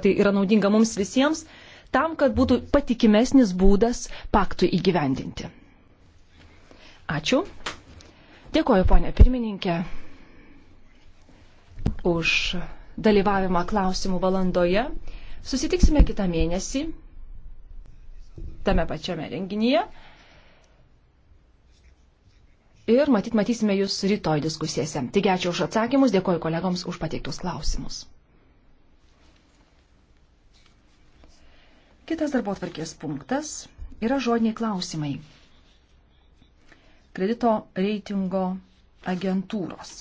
tai yra naudinga mums visiems, tam, kad būtų patikimesnis būdas paktui įgyvendinti. Ačiū. Dėkoju, ponė pirmininkė, už dalyvavimą klausimų valandoje. Susitiksime kitą mėnesį tame pačiame renginyje. Ir matyt, matysime jūs rytoj diskusijose. Taigi ačiū už atsakymus, dėkoju kolegoms už pateiktus klausimus. Kitas darbo tvarkės punktas yra žodiniai klausimai. Kredito reitingo agentūros.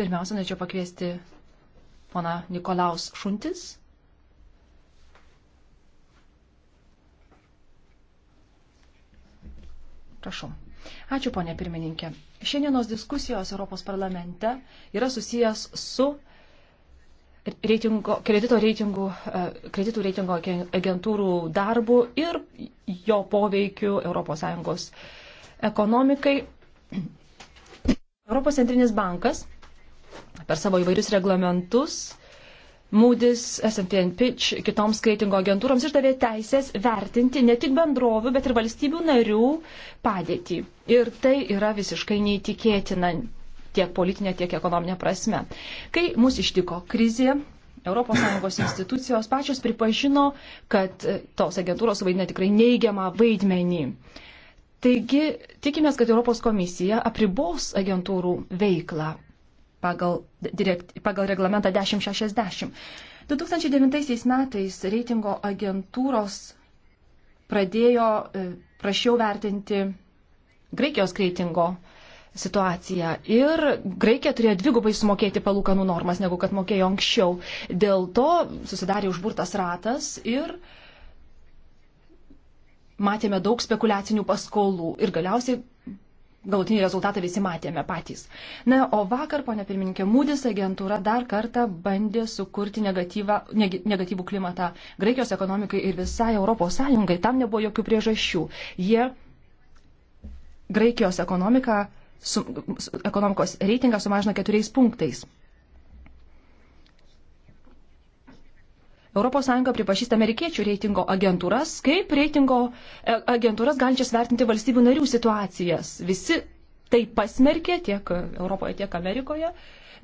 Pirmiausia, norėčiau pakviesti pana Nikolaus Šuntis. Prašau. Ačiū, ponė pirmininkė. Šiandienos diskusijos Europos parlamente yra susijęs su reitingo, kredito reitingų, e, kreditų reitingo agentūrų darbų ir jo poveikiu ES ekonomikai. Europos centrinis bankas per savo įvairius reglamentus Moody's, S&P Pitch, kitoms skaitingo agentūroms išdavė teisės vertinti ne tik bendrovių, bet ir valstybių narių padėtį. Ir tai yra visiškai neįtikėtina tiek politinė, tiek ekonominė prasme. Kai mus ištiko krizė, ES institucijos pačios pripažino, kad tos agentūros vaidina tikrai neigiamą vaidmenį. Taigi tikimės, kad Europos komisija apribos agentūrų veiklą pagal, direkt, pagal reglamentą 1060. 2009 metais reitingo agentūros pradėjo e, prašiau vertinti Graikijos reitingo situaciją. Ir Graikija turėjo dvigubai sumokėti palūkanų normas, negu kad mokėjo anksčiau. Dėl to susidarė užburtas ratas ir matėme daug spekuliacinių paskolų. Ir galiausiai galutinį rezultatą visi matėme patys. Na, o vakar, ponia pirmininkė, Mūdis agentūra dar kartą bandė sukurti negatyvą, neg, negatyvų klimatą Graikijos ekonomikai ir visai Europos Sąjungai. Tam nebuvo jokių priežasčių. Jie Graikijos ekonomiką, su, ekonomikos reitingą sumažino keturiais punktais. ES pripažįsta amerikiečių reitingo agentūras kaip reitingo e, agentūras galinčias vertinti valstybių narių situacijas. Visi tai pasmerkė tiek Europoje, tiek Amerikoje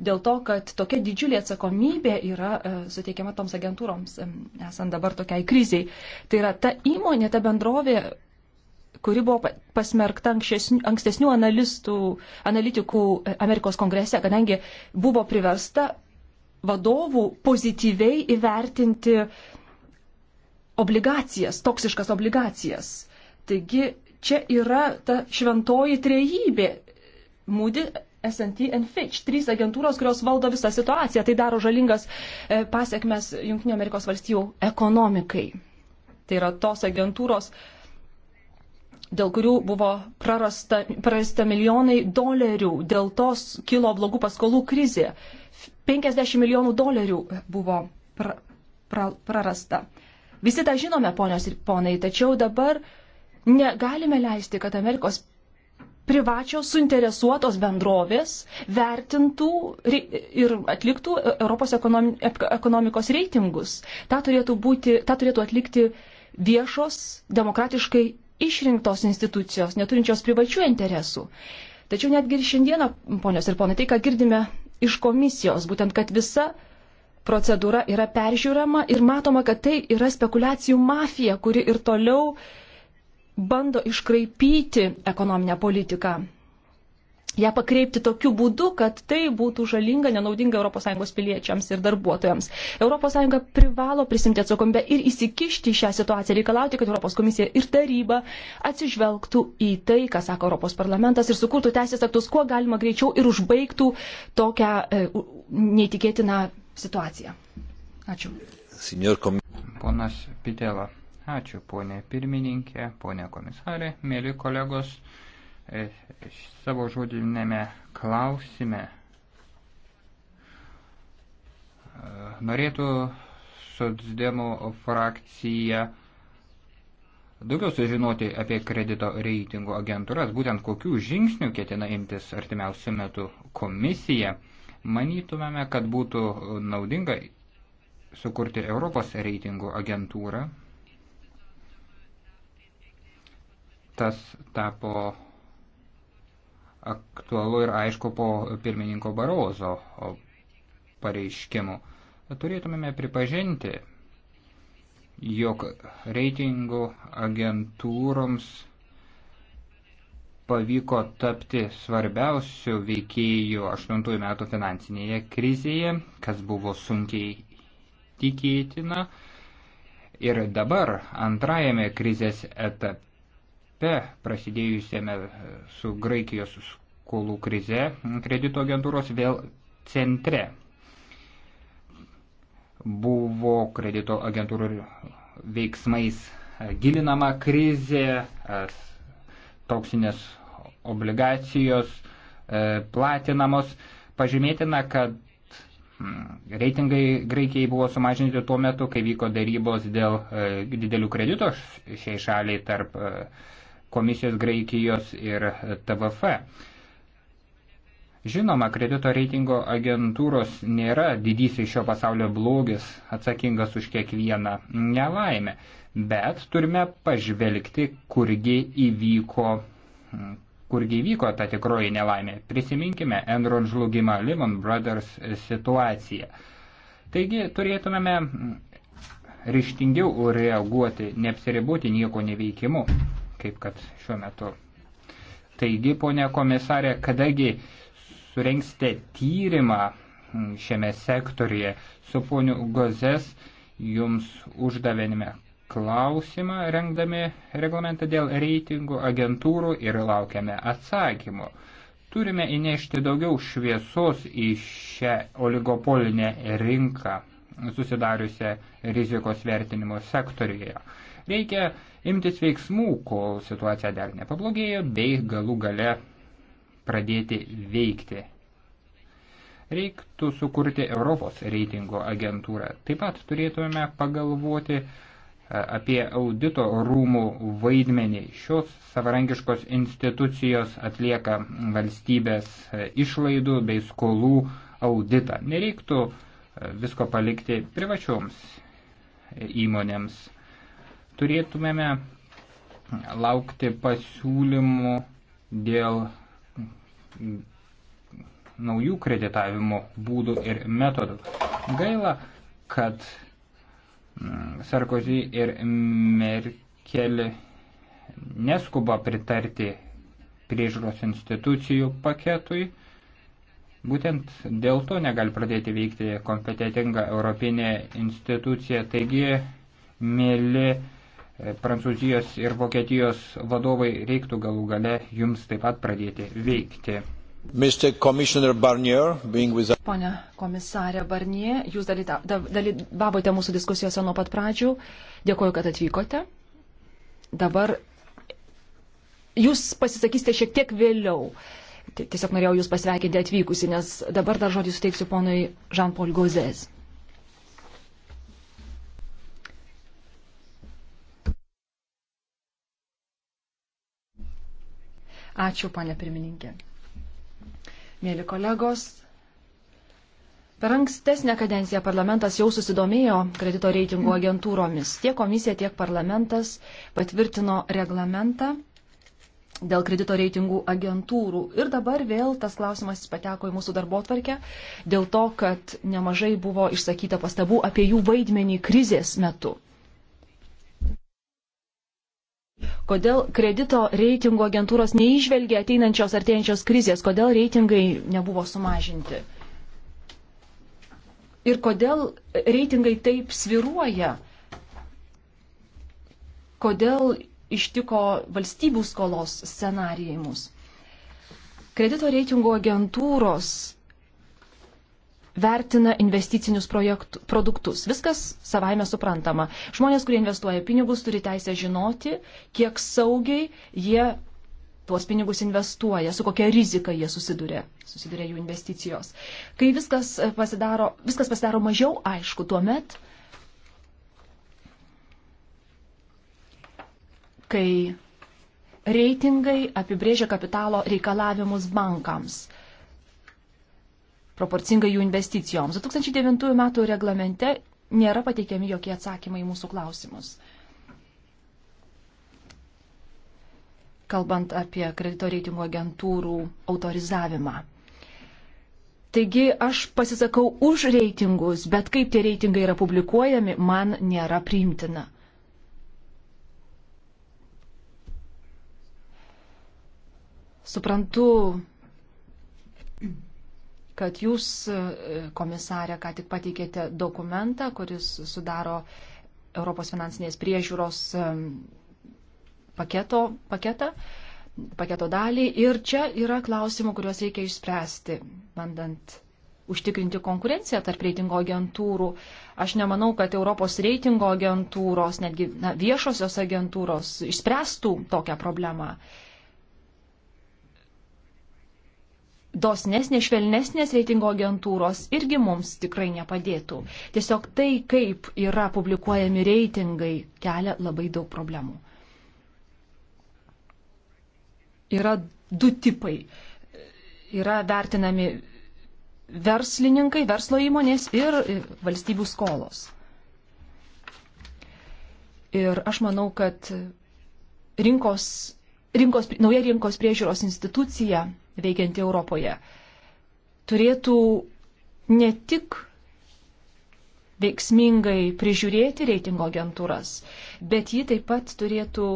dėl to, kad tokia didžiulė atsakomybė yra e, suteikiama toms agentūroms, esant dabar tokiai kriziai. Tai yra ta įmonė, ta bendrovė kuri buvo pasmerkta ankstesnių analistų, analitikų e, Amerikos kongrese, kadangi buvo priversta vadovų pozityviai įvertinti obligacijas, toksiškas obligacijas. Taigi čia yra ta šventoji trejybė. Moody, S&T and Fitch, trys agentūros, kurios valdo visą situaciją. Tai daro žalingas e, pasiekmes Junktinio Amerikos valstijų ekonomikai. Tai yra tos agentūros, dėl kurių buvo prarasta, prarasta milijonai dolerių, dėl tos kilo blogų paskolų krizė. 50 milijonų dolerių buvo pra, pra, prarasta. Visi tą žinome, ponios ir ponai, tačiau dabar negalime leisti, kad Amerikos privačios suinteresuotos bendrovės vertintų ir atliktų Europos ekonomikos reitingus. Ta turėtų, būti, ta turėtų atlikti viešos, demokratiškai išrinktos institucijos, neturinčios privačių interesų. Tačiau netgi ir šiandieną, ponios ir ponai, tai, ką girdime iš komisijos, būtent, kad visa procedūra yra peržiūrama ir matoma, kad tai yra spekulacijų mafija, kuri ir toliau bando iškraipyti ekonominę politiką ją pakreipti tokiu būdu, kad tai būtų žalinga, nenaudinga ES piliečiams ir darbuotojams. ES privalo prisimti atsakomybę ir įsikišti į šią situaciją, reikalauti, kad ES komisija ir taryba atsižvelgtų į tai, ką sako ES ir sukurtų teisės aktus, kuo galima greičiau ir užbaigtų tokią e, neįtikėtiną situaciją. Ačiū. Ponas Pitela. Ačiū, ponė pirmininkė, ponė komisarė, mėly kolegos. E, savo žodinėme klausime e, norėtų socdemų frakcija daugiau sužinoti apie kredito reitingų agentūras, būtent kokių žingsnių ketina imtis artimiausių metų komisija. Manytumėme, kad būtų naudinga sukurti Europos reitingų agentūrą. Tas tapo aktualu ir aišku po pirmininko Barozo pareiškimų. Turėtumėme pripažinti, jog reitingų agentūroms pavyko tapti svarbiausių veikėjų 8 metų finansinėje krizėje, kas buvo sunkiai tikėtina. Ir dabar antrajame krizės etape etape prasidėjusiame e, su Graikijos skolų krize kredito agentūros vėl centre. Buvo kredito agentūrų veiksmais e, gilinama krizė, e, toksinės obligacijos platinamos. Pažymėtina, kad mm, Reitingai Graikijai buvo sumažinti tuo metu, kai vyko darybos dėl didelių kredito šiai šaliai tarp komisijos Graikijos ir TVF. Žinoma, kredito reitingo agentūros nėra didysis šio pasaulio blogis atsakingas už kiekvieną nelaimę, bet turime pažvelgti, kurgi įvyko, kurgi įvyko ta tikroji nelaimė. Prisiminkime Enron žlugimą, Lehman Brothers situaciją. Taigi turėtumėme ryštingiau reaguoti, neapsiribūti nieko neveikimu kaip kad šiuo metu. Taigi, ponė komisarė, kadangi surenksite tyrimą šiame sektorije su poniu Gozes, jums uždavėme klausimą rengdami reglamentą dėl reitingų agentūrų ir laukiame atsakymų. Turime įnešti daugiau šviesos į šią oligopolinę rinką susidariusią rizikos vertinimo sektorijoje. Reikia imtis veiksmų, kol situacija dar nepablogėjo, bei galų gale pradėti veikti. Reiktų sukurti Europos reitingo agentūrą. Taip pat turėtume pagalvoti e, apie audito rūmų vaidmenį. Šios savarankiškos institucijos atlieka valstybės e, išlaidų bei skolų auditą. Nereiktų e, visko palikti privačioms įmonėms turėtumėme laukti pasiūlymų dėl naujų kreditavimo būdų ir metodų. Gaila, kad mm, Sarkozy ir Merkel neskuba pritarti priežiūros institucijų paketui. Būtent dėl to negali pradėti veikti kompetitinga Europinė institucija. Taigi, mėly E, Prancūzijos ir Vokietijos vadovai reiktų galų gale jums taip pat pradėti veikti. Barnier, with... Pone komisarė Barnie, jūs dalyvavote mūsų diskusijose nuo pat pradžių. Dėkuoju, kad atvykote. Dabar jūs pasisakysite šiek tiek vėliau. Tiesiog norėjau jūs pasveikinti atvykusi, nes dabar dar žodį suteiksiu ponui Jean-Paul Gauzes. Ačiū, ponė pirmininkė. Mėly kolegos, per ankstesnę kadenciją parlamentas jau susidomėjo kredito reitingų agentūromis. Tiek komisija, tiek parlamentas patvirtino reglamentą dėl kredito reitingų agentūrų. Ir dabar vėl tas klausimas pateko į mūsų darbo tvarkę dėl to, kad nemažai buvo išsakyta pastabų apie jų vaidmenį krizės metu. Kodėl kredito reitingo agentūros neižvelgia ateinančios artėjančios krizės? Kodėl reitingai nebuvo sumažinti? Ir kodėl reitingai taip sviruoja? Kodėl ištiko valstybių skolos scenarijai mus? Kredito reitingo agentūros vertina investicinius projektų, produktus. Viskas savaime suprantama. Žmonės, kurie investuoja pinigus, turi teisę žinoti, kiek saugiai jie tuos pinigus investuoja, su kokia rizika jie susiduria, susiduria jų investicijos. Kai viskas e, pasidaro, viskas pasidaro mažiau aišku, tuomet, kai reitingai apibrėžia kapitalo reikalavimus bankams proporcingai jų investicijoms. 2009 metų reglamente nėra pateikiami jokie atsakymai į mūsų klausimus. Kalbant apie kredito reitingo agentūrų autorizavimą. Taigi aš pasisakau už reitingus, bet kaip tie reitingai yra publikuojami, man nėra priimtina. Suprantu kad jūs, e, komisarė, ką tik pateikėte dokumentą, kuris sudaro Europos finansinės priežiūros e, paketo, paketą, paketo dalį. Ir čia yra klausimų, kuriuos reikia išspręsti, bandant užtikrinti konkurenciją tarp reitingo agentūrų. Aš nemanau, kad Europos reitingo agentūros, netgi na, viešosios agentūros išspręstų tokią problemą. Uh, dosnesnės, švelnesnės reitingo agentūros irgi mums tikrai nepadėtų. Tiesiog tai, kaip yra publikuojami reitingai, kelia labai daug problemų. Yra du tipai. Yra vertinami verslininkai, verslo įmonės ir valstybių skolos. Ir aš manau, kad rinkos, rinkos, nauja rinkos priežiūros institucija veikianti Europoje turėtų ne tik veiksmingai prižiūrėti reitingo agentūras, bet ji taip pat turėtų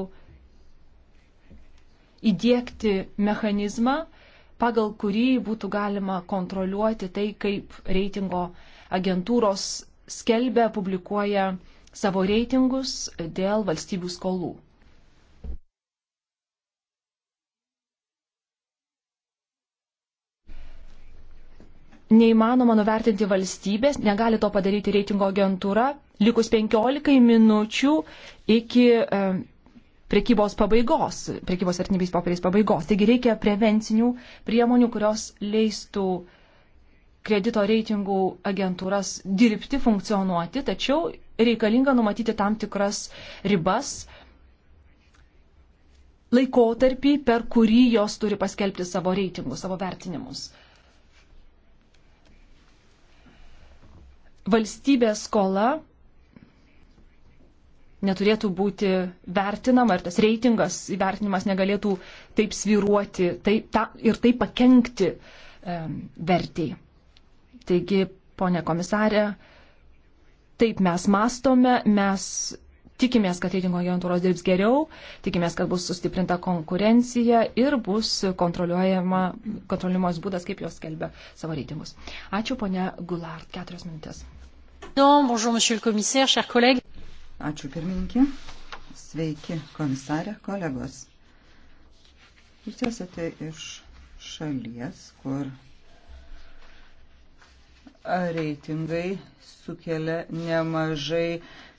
įdėkti mechanizmą, pagal kurį būtų galima kontroliuoti tai, kaip reitingo agentūros skelbia, publikuoja savo reitingus dėl valstybių skolų. neįmanoma nuvertinti valstybės, negali to padaryti reitingo agentūra, likus 15 minučių iki e, prekybos pabaigos, prekybos vertybės popieriais pabaigos. Taigi reikia prevencinių priemonių, kurios leistų kredito reitingų agentūras dirbti, funkcionuoti, tačiau reikalinga numatyti tam tikras ribas, laikotarpį, per kurį jos turi paskelbti savo reitingus, savo vertinimus. valstybės skola neturėtų būti vertinama ir tas reitingas įvertinimas negalėtų taip sviruoti taip, ta, ir taip pakengti e, vertėjai. Taigi, ponė komisarė, taip mes mastome, mes Tikimės, kad reitingo agentūros dirbs geriau, tikimės, kad bus sustiprinta konkurencija ir bus kontroliuojamas būdas, kaip jos skelbia savo reitingus. Ačiū, ponia Gulard, keturios minutės. Ačiū, pirmininkė. Sveiki, komisarė, kolegos. Jūs esate iš šalies, kur reitingai sukelia nemažai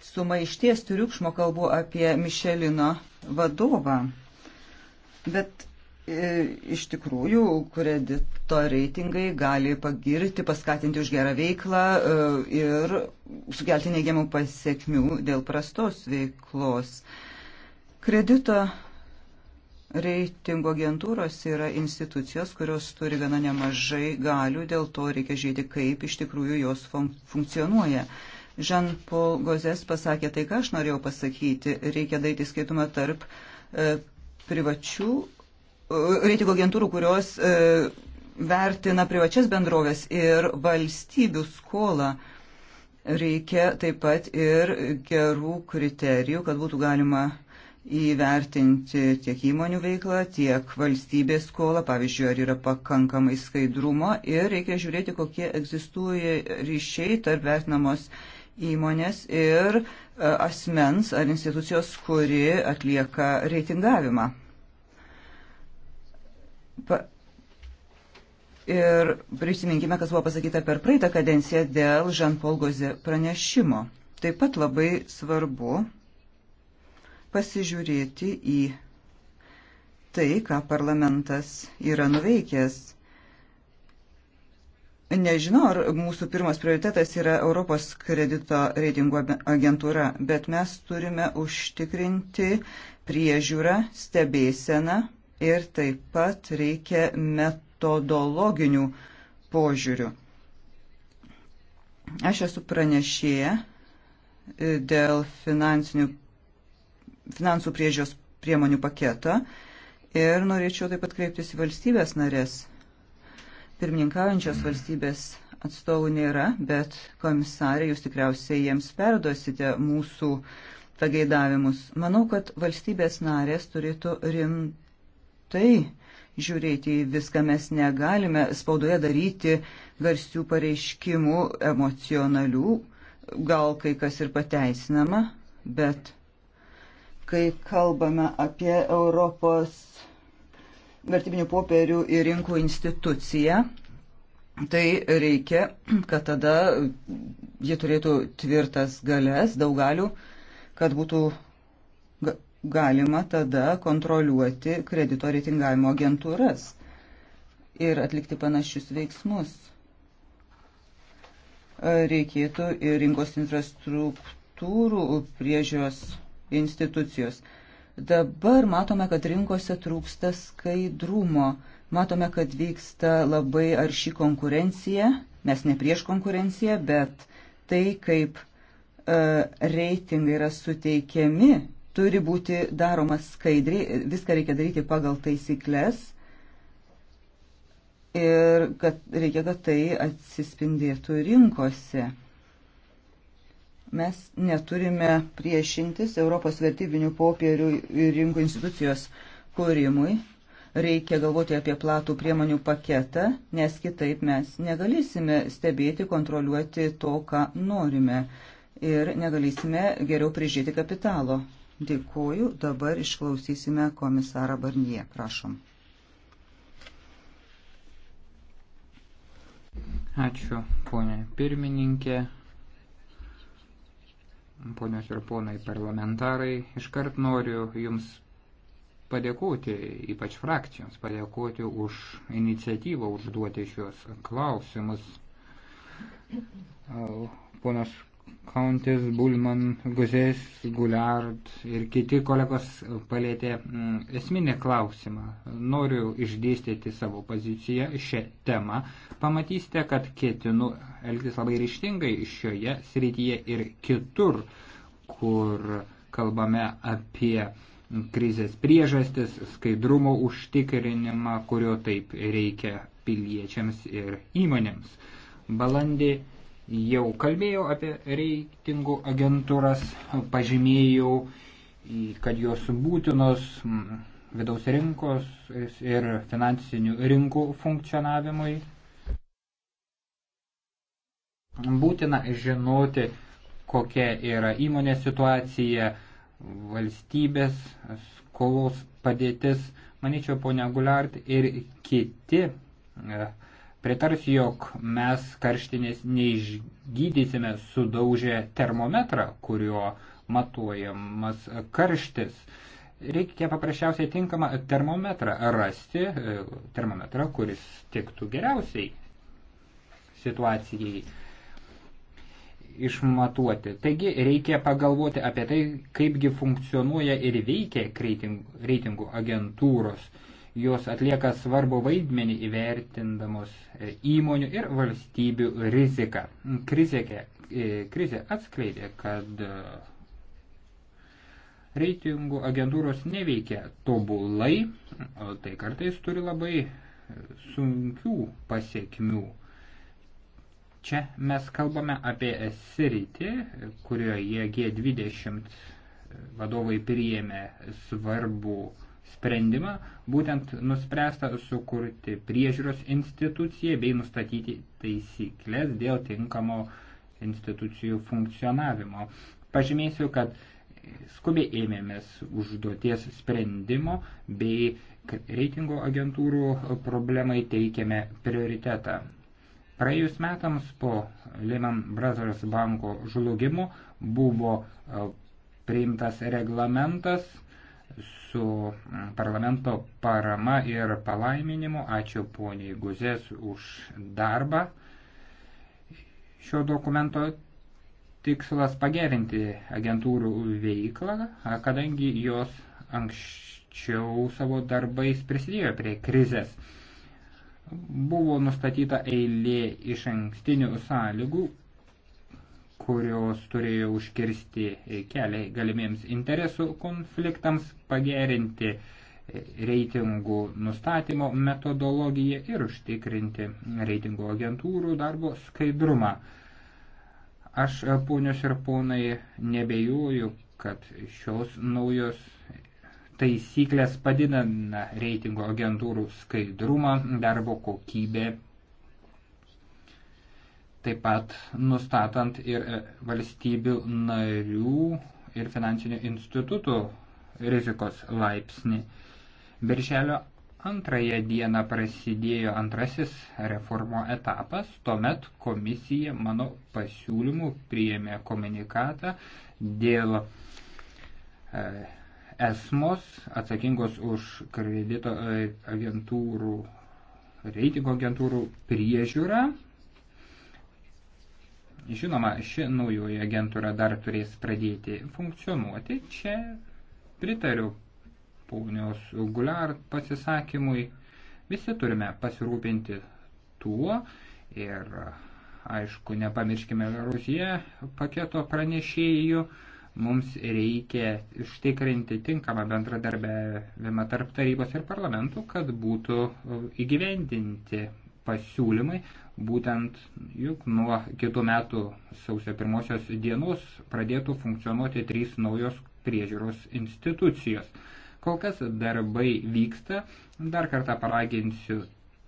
sumaišties triukšmo kalbu apie Mišelino vadovą. Bet e, iš tikrųjų kredito reitingai gali pagirti, paskatinti už gerą veiklą e, ir sukelti neigiamų pasiekmių dėl prastos veiklos. Kredito reitingo agentūros yra institucijos, kurios turi gana nemažai galių, dėl to reikia žiūrėti, kaip iš tikrųjų jos fun funkcionuoja. Jean-Paul Gozes pasakė tai, ką aš norėjau pasakyti. Reikia daryti skirtumą tarp e, privačių e, reitingų agentūrų, kurios e, vertina privačias bendrovės ir valstybių skolą. Reikia taip pat ir gerų kriterijų, kad būtų galima įvertinti tiek įmonių veiklą, tiek valstybės skolą, pavyzdžiui, ar yra pakankamai skaidrumo ir reikia žiūrėti, kokie egzistuoja ryšiai tarp vertinamos įmonės ir e, asmens ar institucijos, kuri atlieka reitingavimą. Pa ir prisiminkime, kas buvo pasakyta per praeitą kadenciją dėl Žan-Paul Gozė pranešimo. Taip pat labai svarbu pasižiūrėti į tai, ką parlamentas yra nuveikęs Nežinau, ar mūsų pirmas prioritetas yra Europos kredito reitingo agentūra, bet mes turime užtikrinti priežiūrą, stebėseną ir taip pat reikia metodologinių požiūrių. Aš esu pranešėja e, dėl finansų priežios priemonių paketo ir norėčiau taip pat kreiptis į valstybės narės pirmininkaujančios valstybės atstovų nėra, bet komisarė, jūs tikriausiai jiems perduosite mūsų pageidavimus. Manau, kad valstybės narės turėtų rimtai žiūrėti į viską. Mes negalime spaudoje daryti garsių pareiškimų, emocionalių, gal kai kas ir pateisinama, bet kai kalbame apie Europos vertybinių popierių ir rinkų institucija, tai reikia, kad tada jie turėtų tvirtas galės, daug galių, kad būtų galima tada kontroliuoti kredito reitingavimo agentūras ir atlikti panašius veiksmus. Reikėtų ir rinkos infrastruktūrų priežios institucijos. Dabar matome, kad rinkose trūksta skaidrumo, matome, kad vyksta labai arši konkurencija, mes ne prieš konkurenciją, bet tai, kaip e, reitingai yra suteikiami, turi būti daromas skaidriai, viską reikia daryti pagal taisyklės ir kad reikia, kad tai atsispindėtų rinkose. Mes neturime priešintis Europos vertybinių popierių ir rinkų institucijos kūrimui. Reikia galvoti apie platų priemonių paketą, nes kitaip mes negalėsime stebėti, kontroliuoti to, ką norime ir negalėsime geriau prižiūrėti kapitalo. Dėkuoju, dabar išklausysime komisarą Barnie, prašom. Ačiū, ponė pirmininkė, ponios ir ponai parlamentarai, iškart noriu Jums padėkoti, ypač frakcijoms, padėkoti už iniciatyvą užduoti šios klausimus. Ponas Kauntis, Bulman, Guzės, Guliard ir kiti kolegos palėtė mm, esminį klausimą. Noriu išdėstyti savo poziciją šią temą. Pamatysite, kad ketinu elgtis labai ryštingai šioje srityje ir kitur, kur kalbame apie krizės priežastis, skaidrumo užtikrinimą, kurio taip reikia piliečiams ir įmonėms. Balandį Jau kalbėjau apie reitingų agentūras, pažymėjau, kad jos būtinos vidaus rinkos ir finansinių rinkų funkcionavimui. Būtina žinoti, kokia yra įmonės situacija, valstybės, skolos padėtis. Manyčiau, ponia Gulart ir kiti e, pritars, jog mes karštinės neišgydysime sudaužę termometrą, kuriuo matuojamas karštis. Reikia paprasčiausiai tinkamą termometrą rasti, e, termometrą, kuris tiktų geriausiai situacijai išmatuoti. Taigi reikia pagalvoti apie tai, kaipgi funkcionuoja ir veikia reitingų agentūros jos atlieka svarbu vaidmenį įvertindamos e, įmonių ir valstybių riziką. Krizė, e, krizė atskleidė, kad e, reitingų agentūros neveikia tobulai, o tai kartais turi labai sunkių pasiekmių. Čia mes kalbame apie sritį, kurioje G20 vadovai priėmė svarbų uh, sprendimą, būtent nuspręsta sukurti priežiūros instituciją bei nustatyti taisyklės dėl tinkamo institucijų funkcionavimo. Pažymėsiu, kad skubiai ėmėmės užduoties sprendimo bei reitingo agentūrų problemai teikiame prioritetą. Praėjus metams po Lehman Brothers banko žlugimo buvo e, priimtas reglamentas su mm, parlamento parama ir palaiminimu. Ačiū poniai Guzės už darbą. Šio dokumento tikslas pagerinti agentūrų veiklą, kadangi jos anksčiau savo darbais prisidėjo prie krizės. Buvo nustatyta eilė iš ankstinių sąlygų, kurios turėjo užkirsti kelią galimiems interesų konfliktams, pagerinti reitingų nustatymo metodologiją ir užtikrinti reitingų agentūrų darbo skaidrumą. Aš, ponios ir ponai, nebejoju, kad šios naujos taisyklės padidina reitingo agentūrų skaidrumą, darbo kokybę taip pat nustatant ir e, valstybių narių ir finansinių institutų rizikos laipsnį. Birželio antrąją dieną prasidėjo antrasis reformo etapas, tuomet komisija mano pasiūlymų priėmė komunikatą dėl e, esmos atsakingos už kredito e, agentūrų, reitingo agentūrų priežiūrą Žinoma, ši naujoji agentūra dar turės pradėti funkcionuoti. Čia pritariu paunios Guliar pasisakymui. Visi turime pasirūpinti tuo ir, aišku, nepamirškime Rusiją paketo pranešėjų. Mums reikia ištikrinti tinkamą bendradarbiavimą tarp tarybos ir parlamentų, kad būtų įgyvendinti pasiūlymai, būtent juk nuo kitų metų sausio pirmosios dienos pradėtų funkcionuoti trys naujos priežiūros institucijos. Kol kas darbai vyksta, dar kartą paraginsiu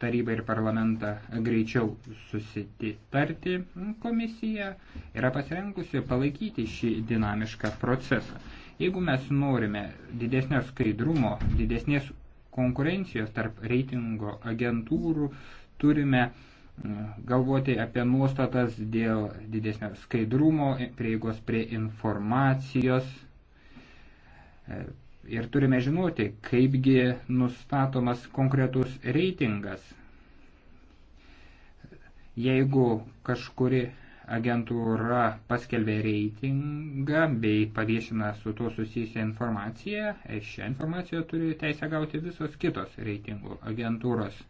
tarybą ir parlamentą greičiau susitarti. Komisija yra pasirengusi palaikyti šį dinamišką procesą. Jeigu mes norime didesnio skaidrumo, didesnės konkurencijos tarp reitingo agentūrų, turime uh, galvoti apie nuostatas dėl didesnio skaidrumo, prieigos prie informacijos. E, ir turime žinoti, kaipgi nustatomas konkretus reitingas. Jeigu kažkuri agentūra paskelbė reitingą bei paviešina su tuo susijusią informaciją, šią informaciją turi teisę gauti visos kitos reitingų agentūros.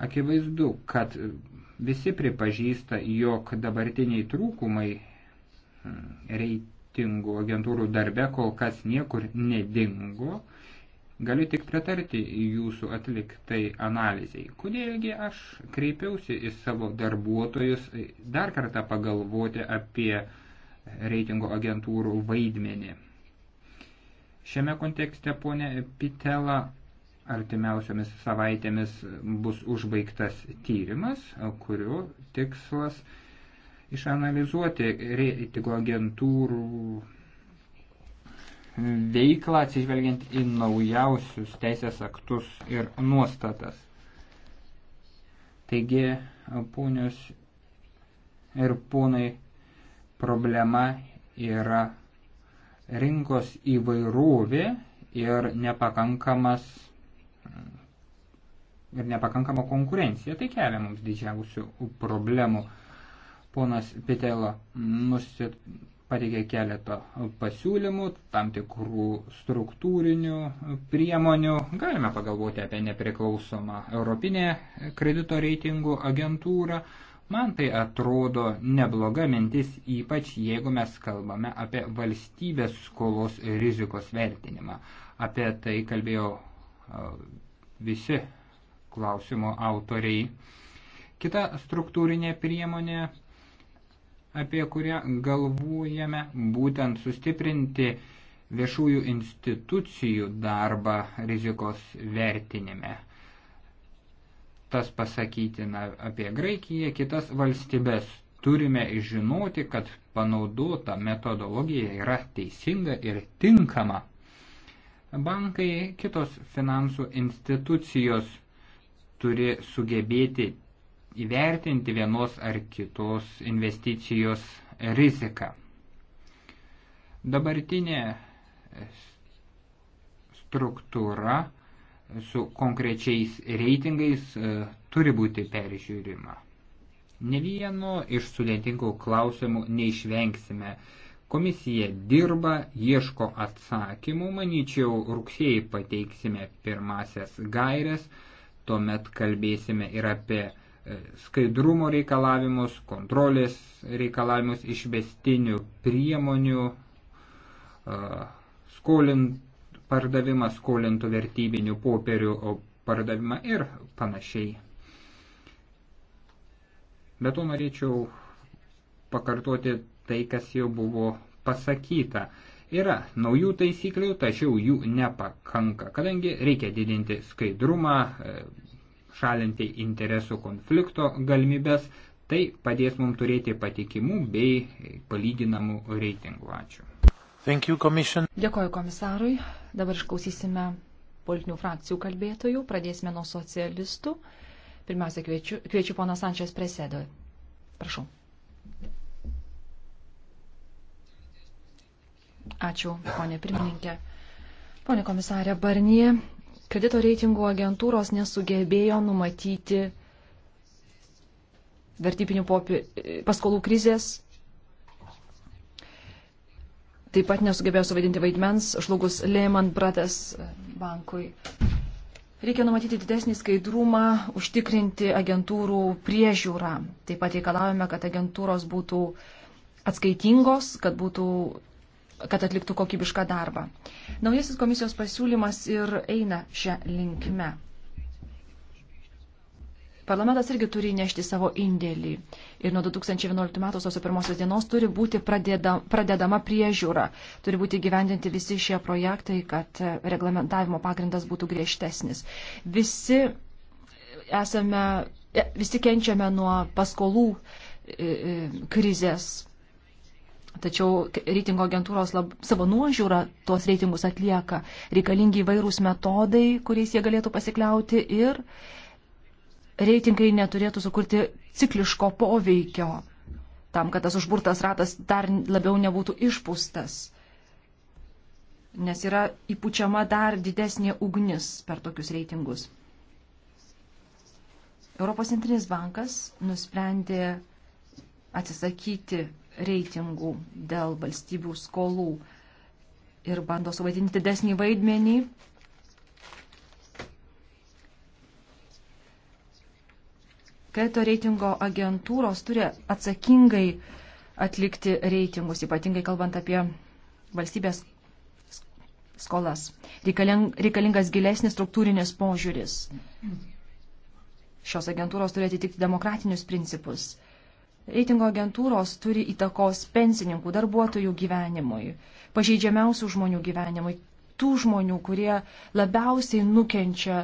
Akivaizdu, kad visi pripažįsta, jog dabartiniai trūkumai hmm, reitingų agentūrų darbe kol kas niekur nedingo. Galiu tik pritarti jūsų atliktai analizai. Kodėlgi aš kreipiausi į savo darbuotojus dar kartą pagalvoti apie reitingo agentūrų vaidmenį. Šiame kontekste, ponė Pitela, artimiausiomis savaitėmis bus užbaigtas tyrimas, kurio tikslas išanalizuoti reitingų agentūrų veiklą atsižvelgiant į naujausius teisės aktus ir nuostatas. Taigi, ponios ir ponai, problema yra rinkos įvairovė ir nepakankamas ir nepakankama konkurencija. Tai kelia mums didžiausių problemų. Ponas Pitelo nusit pateikė keletą pasiūlymų, tam tikrų struktūrinių priemonių. Galime pagalvoti apie nepriklausomą Europinę kredito reitingų agentūrą. Man tai atrodo nebloga mintis, ypač jeigu mes kalbame apie valstybės skolos rizikos vertinimą. Apie tai kalbėjo visi klausimo autoriai. Kita struktūrinė priemonė, apie kurią galvojame, būtent sustiprinti viešųjų institucijų darbą rizikos vertinime. Tas pasakytina apie Graikiją, kitas valstybės. Turime žinoti, kad panaudota metodologija yra teisinga ir tinkama bankai, kitos finansų institucijos turi sugebėti įvertinti vienos ar kitos investicijos riziką. Dabartinė struktūra su konkrečiais reitingais e, turi būti peržiūrima. Ne vieno iš sudėtingų klausimų neišvengsime. Komisija dirba, ieško atsakymų, manyčiau, rugsėjai pateiksime pirmasias gairias, tuomet kalbėsime ir apie e, skaidrumo reikalavimus, kontrolės reikalavimus, išvestinių priemonių, e, skolint, pardavimą skolintų vertybinių popierių pardavimą ir panašiai. Bet to norėčiau pakartoti tai, kas jau buvo pasakyta. Yra naujų taisyklių, tačiau jų nepakanka, kadangi reikia didinti skaidrumą, e, šalinti interesų konflikto galimybės, tai padės mums turėti patikimų bei palyginamų reitingų. Ačiū. Thank you, commission. Dėkoju komisarui. Dabar išklausysime politinių frakcijų kalbėtojų. Pradėsime nuo socialistų. Pirmiausia, kviečiu, kviečiu poną Sančias Presedo. Prašau. Ačiū, ponė pirmininkė. Pone komisarė Barnie, kredito reitingų agentūros nesugebėjo numatyti vertybinių popi... paskolų krizės, taip pat nesugebėjo suvaidinti vaidmens žlugus Lehman Brothers bankui. Reikia numatyti didesnį skaidrumą, užtikrinti agentūrų priežiūrą. Taip pat reikalavome, kad agentūros būtų atskaitingos, kad būtų kad atliktų kokybišką darbą. Naujasis komisijos pasiūlymas ir eina šią linkme. Parlamentas irgi turi nešti savo indėlį. Ir nuo 2011 metų sausio pirmosios dienos turi būti pradeda, pradedama priežiūra. Turi būti gyvendinti visi šie projektai, kad e, reglamentavimo pagrindas būtų griežtesnis. Visi esame, e, visi kenčiame nuo paskolų e, krizės Tačiau reitingo agentūros lab, savo nuožiūrą tuos reitingus atlieka. Reikalingi įvairūs metodai, kuriais jie galėtų pasikliauti ir reitingai neturėtų sukurti cikliško poveikio tam, kad tas užburtas ratas dar labiau nebūtų išpūstas. Nes yra įpučiama dar didesnė ugnis per tokius reitingus. Europos centrinis bankas nusprendė atsisakyti reitingų dėl valstybių skolų ir bando suvaidinti didesnį vaidmenį. Kredito reitingo agentūros turi atsakingai atlikti reitingus, ypatingai kalbant apie valstybės skolas. Reikalingas gilesnis struktūrinis požiūris. Šios agentūros turi atitikti demokratinius principus reitingo agentūros turi įtakos pensininkų, darbuotojų gyvenimui, pažeidžiamiausių žmonių gyvenimui, tų žmonių, kurie labiausiai nukenčia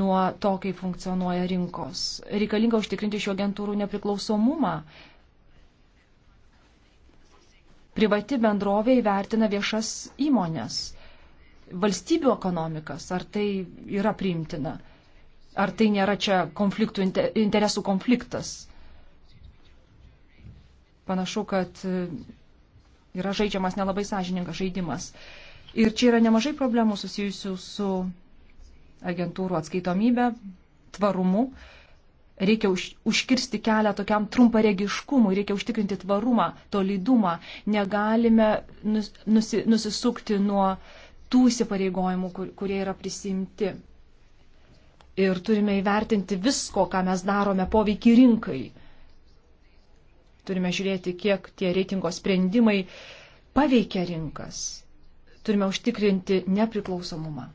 nuo to, kaip funkcionuoja rinkos. Reikalinga užtikrinti šių agentūrų nepriklausomumą. Privati bendrovė įvertina viešas įmonės, valstybių ekonomikas, ar tai yra priimtina, ar tai nėra čia konfliktų, interesų konfliktas panašu, kad e, yra žaidžiamas nelabai sąžininkas žaidimas. Ir čia yra nemažai problemų susijusių su agentūrų atskaitomybė, tvarumu. Reikia už, užkirsti kelią tokiam trumparegiškumui, reikia užtikrinti tvarumą, tolydumą. Negalime nus, nusi, nusisukti nuo tų įsipareigojimų, kur, kurie yra prisimti. Ir turime įvertinti visko, ką mes darome poveikį rinkai. Turime žiūrėti, kiek tie reitingo sprendimai paveikia rinkas. Turime užtikrinti nepriklausomumą.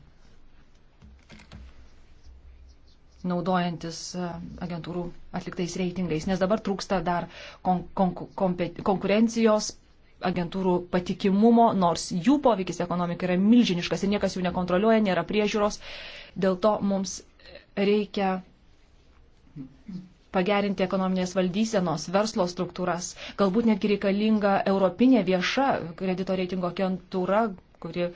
naudojantis e, agentūrų atliktais reitingais, nes dabar trūksta dar kon kon konkurencijos agentūrų patikimumo, nors jų poveikis ekonomikai yra milžiniškas ir niekas jų nekontroliuoja, nėra priežiūros. Dėl to mums reikia pagerinti ekonominės valdysenos, verslo struktūras. Galbūt netgi reikalinga europinė vieša kredito reitingo agentūra, kuri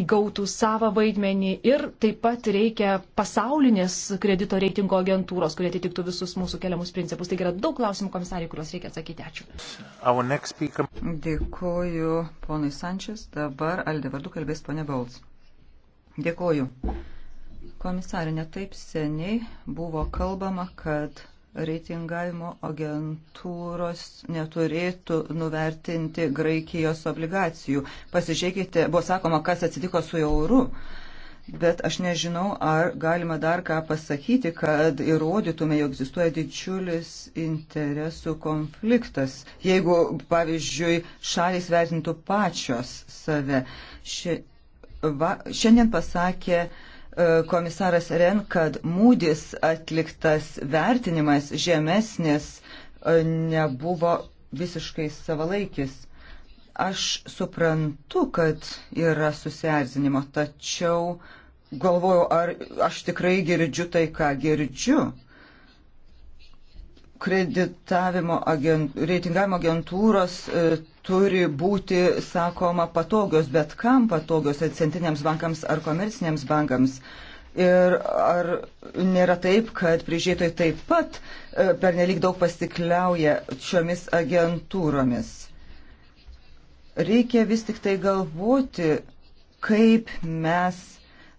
įgautų savo vaidmenį ir taip pat reikia pasaulinės kredito reitingo agentūros, kurie atitiktų visus mūsų keliamus principus. Taigi yra daug klausimų komisariai, kuriuos reikia atsakyti. Ačiū. Dėkoju ponui Sančias. Dabar Aldė vardu kalbės ponė Bauls. Dėkoju. Komisarė, netaip seniai buvo kalbama, kad reitingavimo agentūros neturėtų nuvertinti Graikijos obligacijų. Pasižiūrėkite, buvo sakoma, kas atsitiko su euru, bet aš nežinau, ar galima dar ką pasakyti, kad įrodytume, jog egzistuoja didžiulis interesų konfliktas, jeigu, pavyzdžiui, šalis vertintų pačios save. Ši, va, šiandien pasakė uh, E, komisaras Ren, kad mūdis atliktas vertinimas žemesnis e, nebuvo visiškai savalaikis. Aš suprantu, kad yra susierzinimo, tačiau galvoju, ar aš tikrai girdžiu tai, ką girdžiu. Uh, kreditavimo agent, reitingavimo agentūros e, turi būti, sakoma, patogios, bet kam patogios tai - centriniams bankams ar komerciniams bankams. Ir ar nėra taip, kad prižiūrėtojai taip pat e, pernelik daug pasikliauja šiomis agentūromis? Reikia vis tik tai galvoti, kaip mes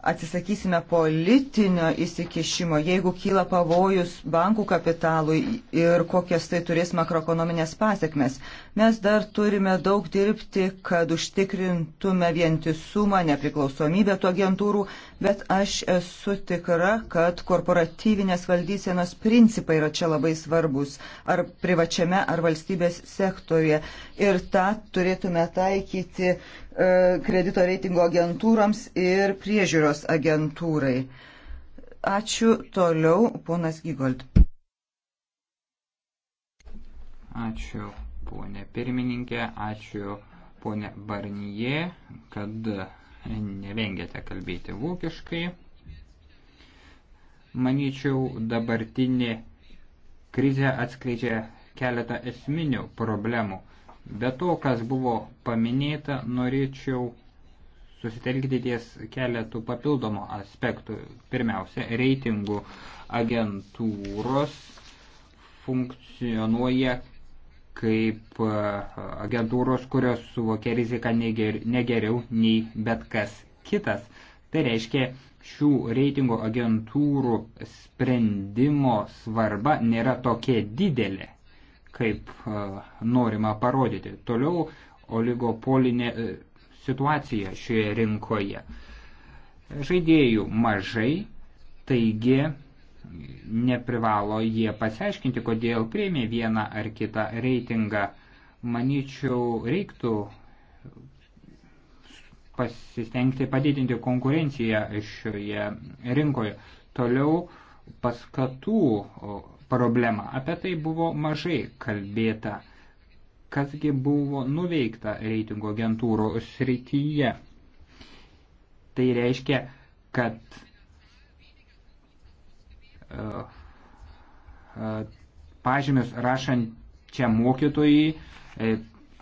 atsisakysime politinio įsikišimo, jeigu kyla pavojus bankų kapitalui ir kokias tai turės makroekonominės pasiekmes. Mes dar turime daug dirbti, kad užtikrintume vientisumą, nepriklausomybę tų agentūrų, bet aš esu tikra, kad korporatyvinės valdysenos principai yra čia labai svarbus, ar privačiame, ar valstybės sektorėje. Ir tą turėtume taikyti E, kredito reitingo agentūrams ir priežiūros agentūrai. Ačiū toliau, ponas Gygold. Ačiū, ponė pirmininkė, ačiū, ponė Barnyje, kad nevengėte kalbėti vokiškai. Manyčiau, dabartinė krizė atskleidžia keletą esminių problemų. Be to, kas buvo paminėta, norėčiau susitelkti ties keletų papildomų aspektų. Pirmiausia, reitingų agentūros funkcionuoja kaip e, agentūros, kurios suvokia riziką negeriau nei bet kas kitas. Tai reiškia, šių reitingo agentūrų sprendimo svarba nėra tokia didelė kaip norima parodyti. Toliau oligopolinė e, situacija šioje rinkoje. Žaidėjų mažai, taigi neprivalo jie pasiaiškinti, kodėl priėmė vieną ar kitą reitingą. Manyčiau, reiktų pasistengti padidinti konkurenciją šioje rinkoje. Toliau paskatų problemą. Apie tai buvo mažai kalbėta, kasgi buvo nuveikta reitingo agentūrų srityje. Tai reiškia, kad uh, uh, pažymius rašančią mokytojai e,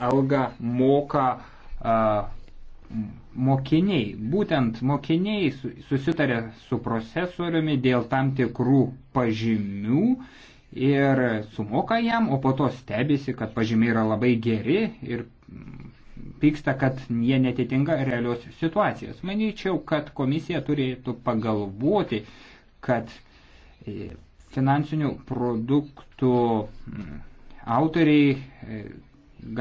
algą moka uh, mokiniai, būtent mokiniai susitarė su procesoriumi dėl tam tikrų pažymių ir sumoka jam, o po to stebisi, kad pažymiai yra labai geri ir pyksta, kad jie netitinka realios situacijos. Manyčiau, kad komisija turėtų pagalvoti, kad e, finansinių produktų autoriai e,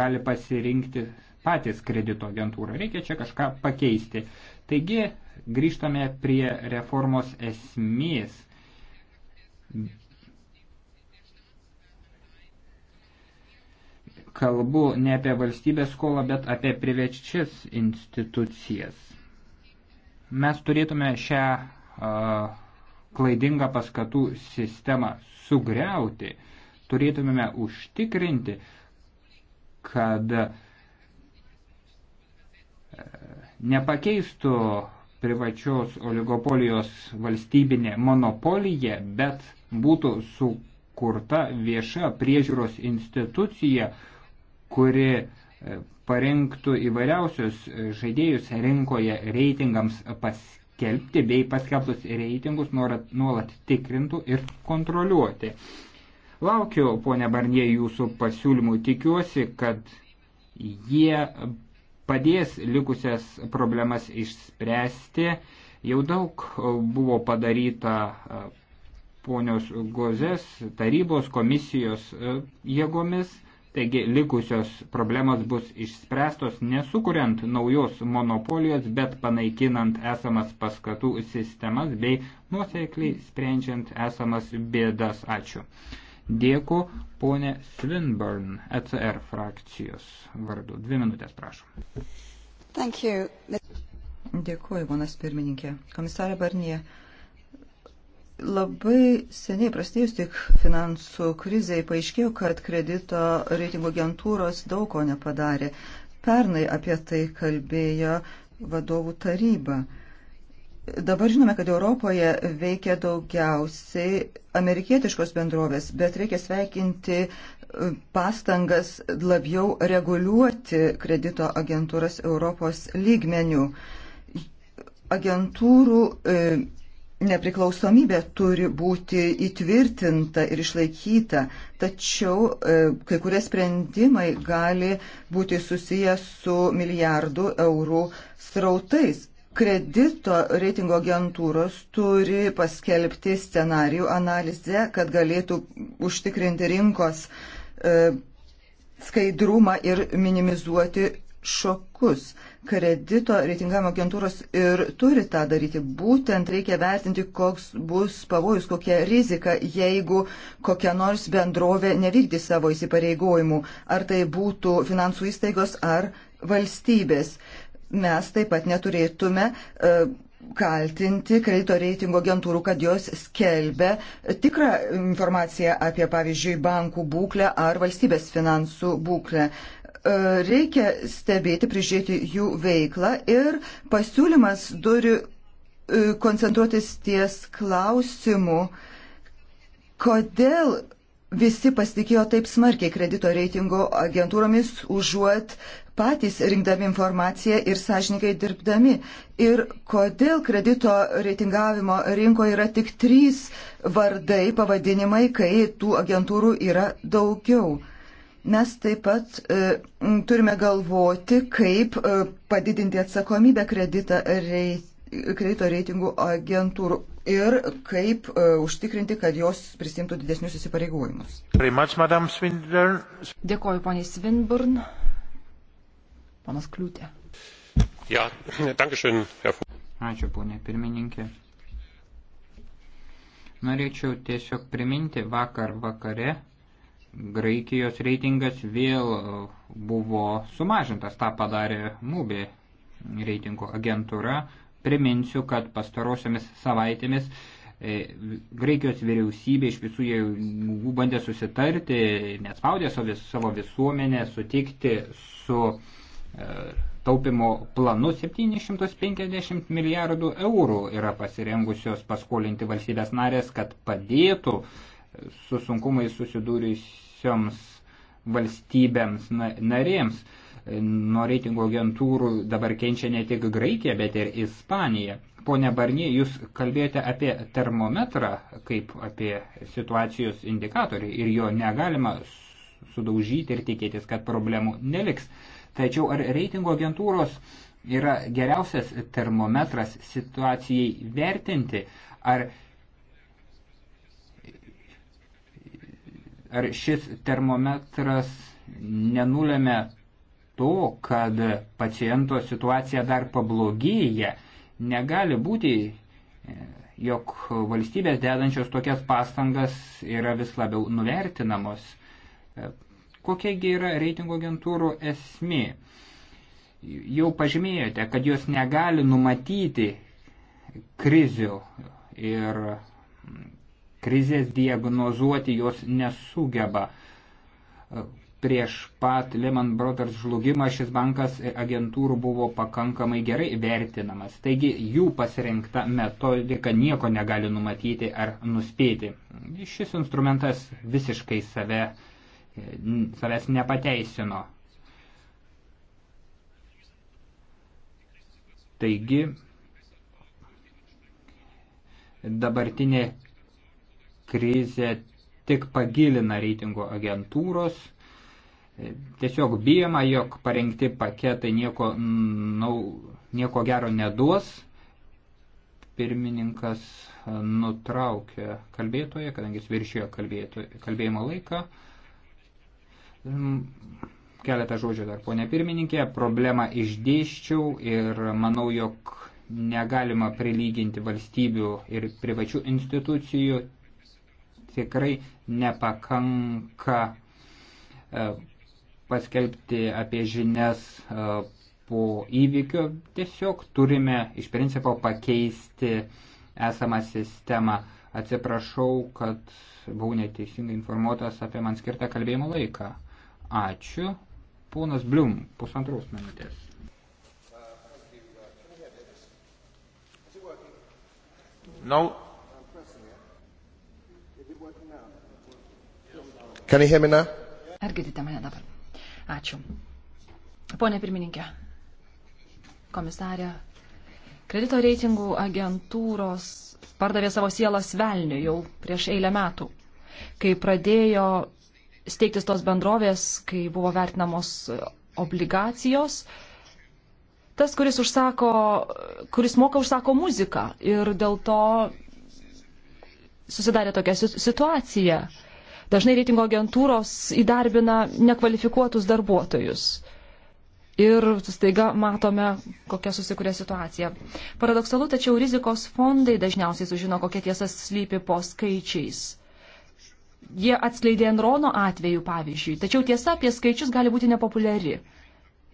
gali pasirinkti patys kredito agentūrą. Reikia čia kažką pakeisti. Taigi grįžtame prie reformos esmės. Kalbu ne apie valstybės skolą, bet apie privečias institucijas. Mes turėtume šią uh, klaidingą paskatų sistemą sugriauti. Turėtumėme užtikrinti, kad uh, nepakeistų privačios oligopolijos valstybinė monopolija, bet būtų sukurta vieša priežiūros institucija, kuri e, parengtų įvairiausius žaidėjus rinkoje reitingams paskelbti bei paskelbtus reitingus nuolat tikrintų ir kontroliuoti. Laukiu, ponė Barnie, jūsų pasiūlymų. Tikiuosi, kad jie padės likusias problemas išspręsti. Jau daug e, buvo padaryta e, ponios Gozės tarybos komisijos e, jėgomis, taigi likusios problemas bus išspręstos nesukuriant naujos monopolijos, bet panaikinant esamas paskatų sistemas bei nuosekliai sprendžiant esamas bėdas. Ačiū. Dėku, ponė Swinburne, ECR frakcijos vardu. Dvi minutės, prašom. Thank you. Dėkuoju, ponas pirmininkė. Komisarė Barnie, labai seniai prasidėjus tik finansų kriziai paaiškėjo, kad kredito reitingo agentūros daug ko nepadarė. Pernai apie tai kalbėjo vadovų taryba. Dabar žinome, kad Europoje veikia daugiausiai amerikietiškos bendrovės, bet reikia sveikinti e, pastangas labiau reguliuoti kredito agentūras Europos lygmenių. Agentūrų e, nepriklausomybė turi būti įtvirtinta ir išlaikyta, tačiau e, kai kurie sprendimai gali būti susiję su milijardų eurų srautais. Kredito reitingo agentūros turi paskelbti scenarijų analizę, kad galėtų užtikrinti rinkos e, skaidrumą ir minimizuoti šokus. Kredito reitingavimo agentūros ir turi tą daryti. Būtent reikia vertinti, koks bus pavojus, kokia rizika, jeigu kokia nors bendrovė nevykdys savo įsipareigojimų, ar tai būtų finansų įstaigos ar valstybės mes taip pat neturėtume e, kaltinti kredito reitingo agentūrų, kad jos skelbia tikrą informaciją apie, pavyzdžiui, bankų būklę ar valstybės finansų būklę e, reikia stebėti, prižiūrėti jų veiklą ir pasiūlymas turi e, koncentruotis ties klausimu, kodėl visi pasitikėjo taip smarkiai kredito reitingo agentūromis, užuot patys rinkdami informaciją ir sąžininkai dirbdami. Ir kodėl kredito reitingavimo rinkoje yra tik trys vardai, pavadinimai, kai tų agentūrų yra daugiau. Mes taip pat e, turime galvoti, kaip e, padidinti atsakomybę kreditą reit, kredito reitingų agentūrų ir kaip e, užtikrinti, kad jos prisimtų didesnius įsipareigojimus. Dėkoju, poniai Svinburn. Panas Kliūtė. Ja, dankeschön, Herr Ačiū, ponė pirmininkė. Norėčiau tiesiog priminti, vakar vakare Graikijos reitingas vėl buvo sumažintas, tą padarė MUBI reitingų agentūra. Priminsiu, kad pastarosiomis savaitėmis e, Graikijos vyriausybė iš visų jėgų bandė susitarti, net spaudė savo visuomenę sutikti su E, taupimo planu 750 milijardų eurų yra pasirengusios paskolinti valstybės narės, kad padėtų e, su sunkumai susidūrusioms valstybėms narėms. E, nuo reitingo agentūrų dabar kenčia ne tik Graikija, bet ir Ispanija. Pone Barnie, jūs kalbėjote apie termometrą kaip apie situacijos indikatorių ir jo negalima sudaužyti ir tikėtis, kad problemų neliks. Tačiau ar reitingo agentūros yra geriausias termometras situacijai vertinti? Ar, ar šis termometras nenulėmė to, kad paciento situacija dar pablogėja? Negali būti e, jog valstybės dedančios tokias pastangas yra vis labiau nuvertinamos. E, Kokiagi yra reitingo agentūrų esmė? Jau pažymėjote, kad jos negali numatyti krizių ir krizės diagnozuoti jos nesugeba. Prieš pat Lehman Brothers žlugimą šis bankas agentūrų buvo pakankamai gerai vertinamas, taigi jų pasirinkta metodika nieko negali numatyti ar nuspėti. Šis instrumentas visiškai save uh, savęs nepateisino. Taigi, dabartinė krizė tik pagilina reitingo agentūros. Tiesiog bijoma, jog parengti paketai nieko, nau, nieko gero neduos. Pirmininkas nutraukė kalbėtoją, kadangi jis viršėjo kalbėjimo laiką. Mm, keletą žodžių dar, ponė pirmininkė, problemą išdėščiau ir manau, jog negalima prilyginti valstybių ir privačių institucijų. Tikrai nepakanka e, paskelbti apie žinias e, po įvykio. Tiesiog turime iš principo pakeisti esamą sistemą. Atsiprašau, kad buvau neteisingai informuotas apie man skirtą kalbėjimo laiką. Ačiū. Ponas Blium, pusantros minutės. No. Can you hear me now? Ar girdite mane dabar? Ačiū. Pone pirmininkė, komisarė, kredito reitingų agentūros pardavė savo sielą svelnių jau prieš eilę metų, kai pradėjo steigtis tos bendrovės, kai buvo vertinamos obligacijos. Tas, kuris, užsako, kuris moka, užsako muziką ir dėl to susidarė tokia situacija. Dažnai reitingo agentūros įdarbina nekvalifikuotus darbuotojus. Ir staiga matome, kokia susikuria situacija. Paradoksalu, tačiau rizikos fondai dažniausiai sužino, kokia tiesa slypi po skaičiais jie atskleidė Enrono atveju, pavyzdžiui. Tačiau tiesa apie skaičius gali būti nepopuliari.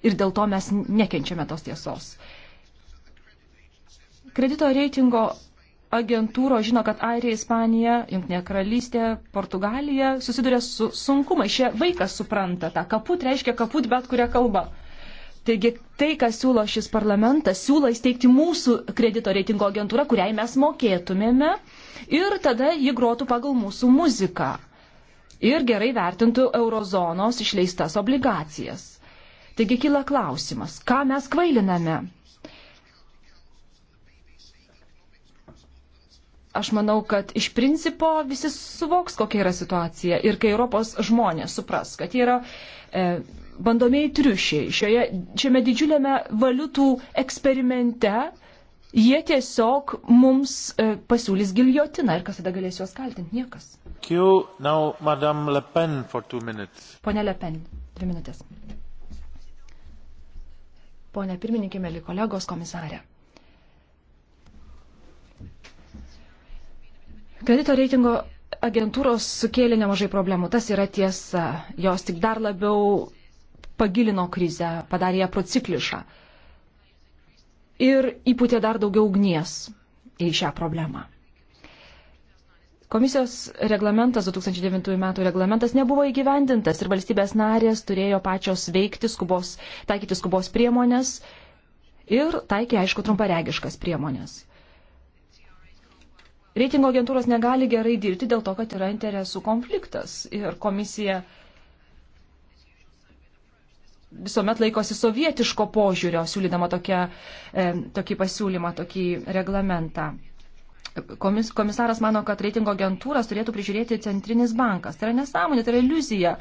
Ir dėl to mes nekenčiame tos tiesos. Kredito reitingo agentūros žino, kad Airija, Ispanija, Junktinė karalystė, Portugalija susiduria su sunkumai. Šie vaikas supranta tą kaput, reiškia kaput bet kurią kalbą. Taigi tai, ką siūlo šis parlamentas, siūlo įsteigti mūsų kredito reitingo agentūrą, kuriai mes mokėtumėme ir tada ji grotų pagal mūsų muziką ir gerai vertintų eurozonos išleistas obligacijas. Taigi kyla klausimas, ką mes kvailiname? Aš manau, kad iš principo visi suvoks, kokia yra situacija ir kai Europos žmonės supras, kad jie yra e, bandomieji triušiai šioje, šiame didžiuliame valiutų eksperimente, jie tiesiog mums e, pasiūlys giljotiną ir kas tada galės juos kaltinti? Niekas. Thank you. Now, Madame Le Pen for two minutes. Pone Le Pen, dvi minutės. Pone pirmininkė, mėly kolegos komisarė. Kredito reitingo agentūros sukėlė nemažai problemų. Tas yra tiesa. Jos tik dar labiau pagilino krizę, padarė ją prociklišą. Ir įputė dar daugiau ugnies į šią problemą. Komisijos reglamentas, 2009 metų reglamentas nebuvo įgyvendintas ir valstybės narės turėjo pačios veikti skubos, taikyti skubos priemonės ir taikė, aišku, trumparegiškas priemonės. Reitingo agentūros negali gerai dirbti dėl to, kad yra interesų konfliktas ir komisija visuomet laikosi sovietiško požiūrio, siūlydama tokią, e, tokį pasiūlymą, tokį reglamentą komis, komisaras mano, kad reitingo agentūras turėtų prižiūrėti centrinis bankas. Tai yra nesąmonė, tai yra iliuzija.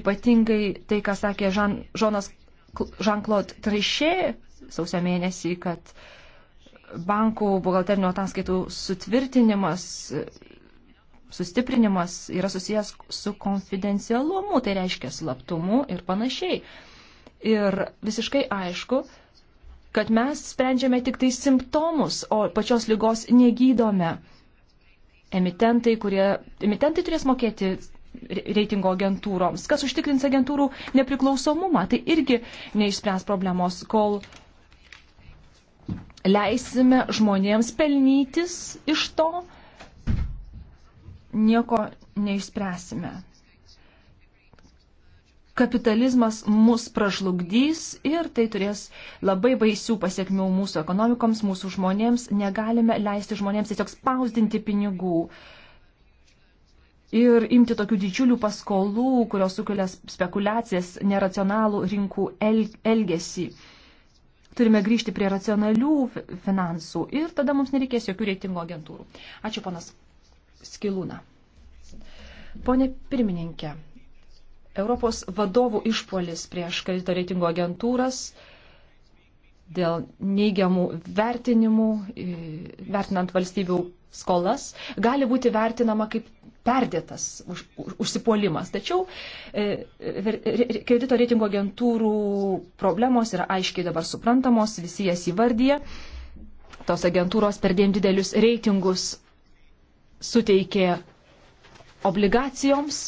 Ypatingai tai, ką sakė Žan, Žonas Jean-Claude Trichet sausio mėnesį, kad bankų buhalterinio ataskaitų sutvirtinimas, sustiprinimas yra susijęs su konfidencialumu, tai reiškia slaptumu ir panašiai. Ir visiškai aišku, kad mes sprendžiame tik tai simptomus, o pačios lygos negydome. Emitentai, kurie, emitentai turės mokėti reitingo agentūroms. Kas užtikrins agentūrų nepriklausomumą, tai irgi neišspręs problemos, kol leisime žmonėms pelnytis iš to, nieko neišspręsime kapitalizmas mus pražlugdys ir tai turės labai baisių pasiekmių mūsų ekonomikoms, mūsų žmonėms. Negalime leisti žmonėms tiesiog spausdinti pinigų ir imti tokių didžiulių paskolų, kurios sukelia spekulacijas, neracionalų rinkų el elgesį. Turime grįžti prie racionalių finansų ir tada mums nereikės jokių reitingo agentūrų. Ačiū, panas Skilūna. Pone pirmininkė, Europos vadovų išpolis prieš kredito reitingo agentūras dėl neigiamų vertinimų, vertinant valstybių skolas, gali būti vertinama kaip perdėtas už, už, užsipuolimas. Tačiau e, kredito reitingo agentūrų problemos yra aiškiai dabar suprantamos, visi jas įvardyje. Tos agentūros perdėm didelius reitingus suteikė obligacijoms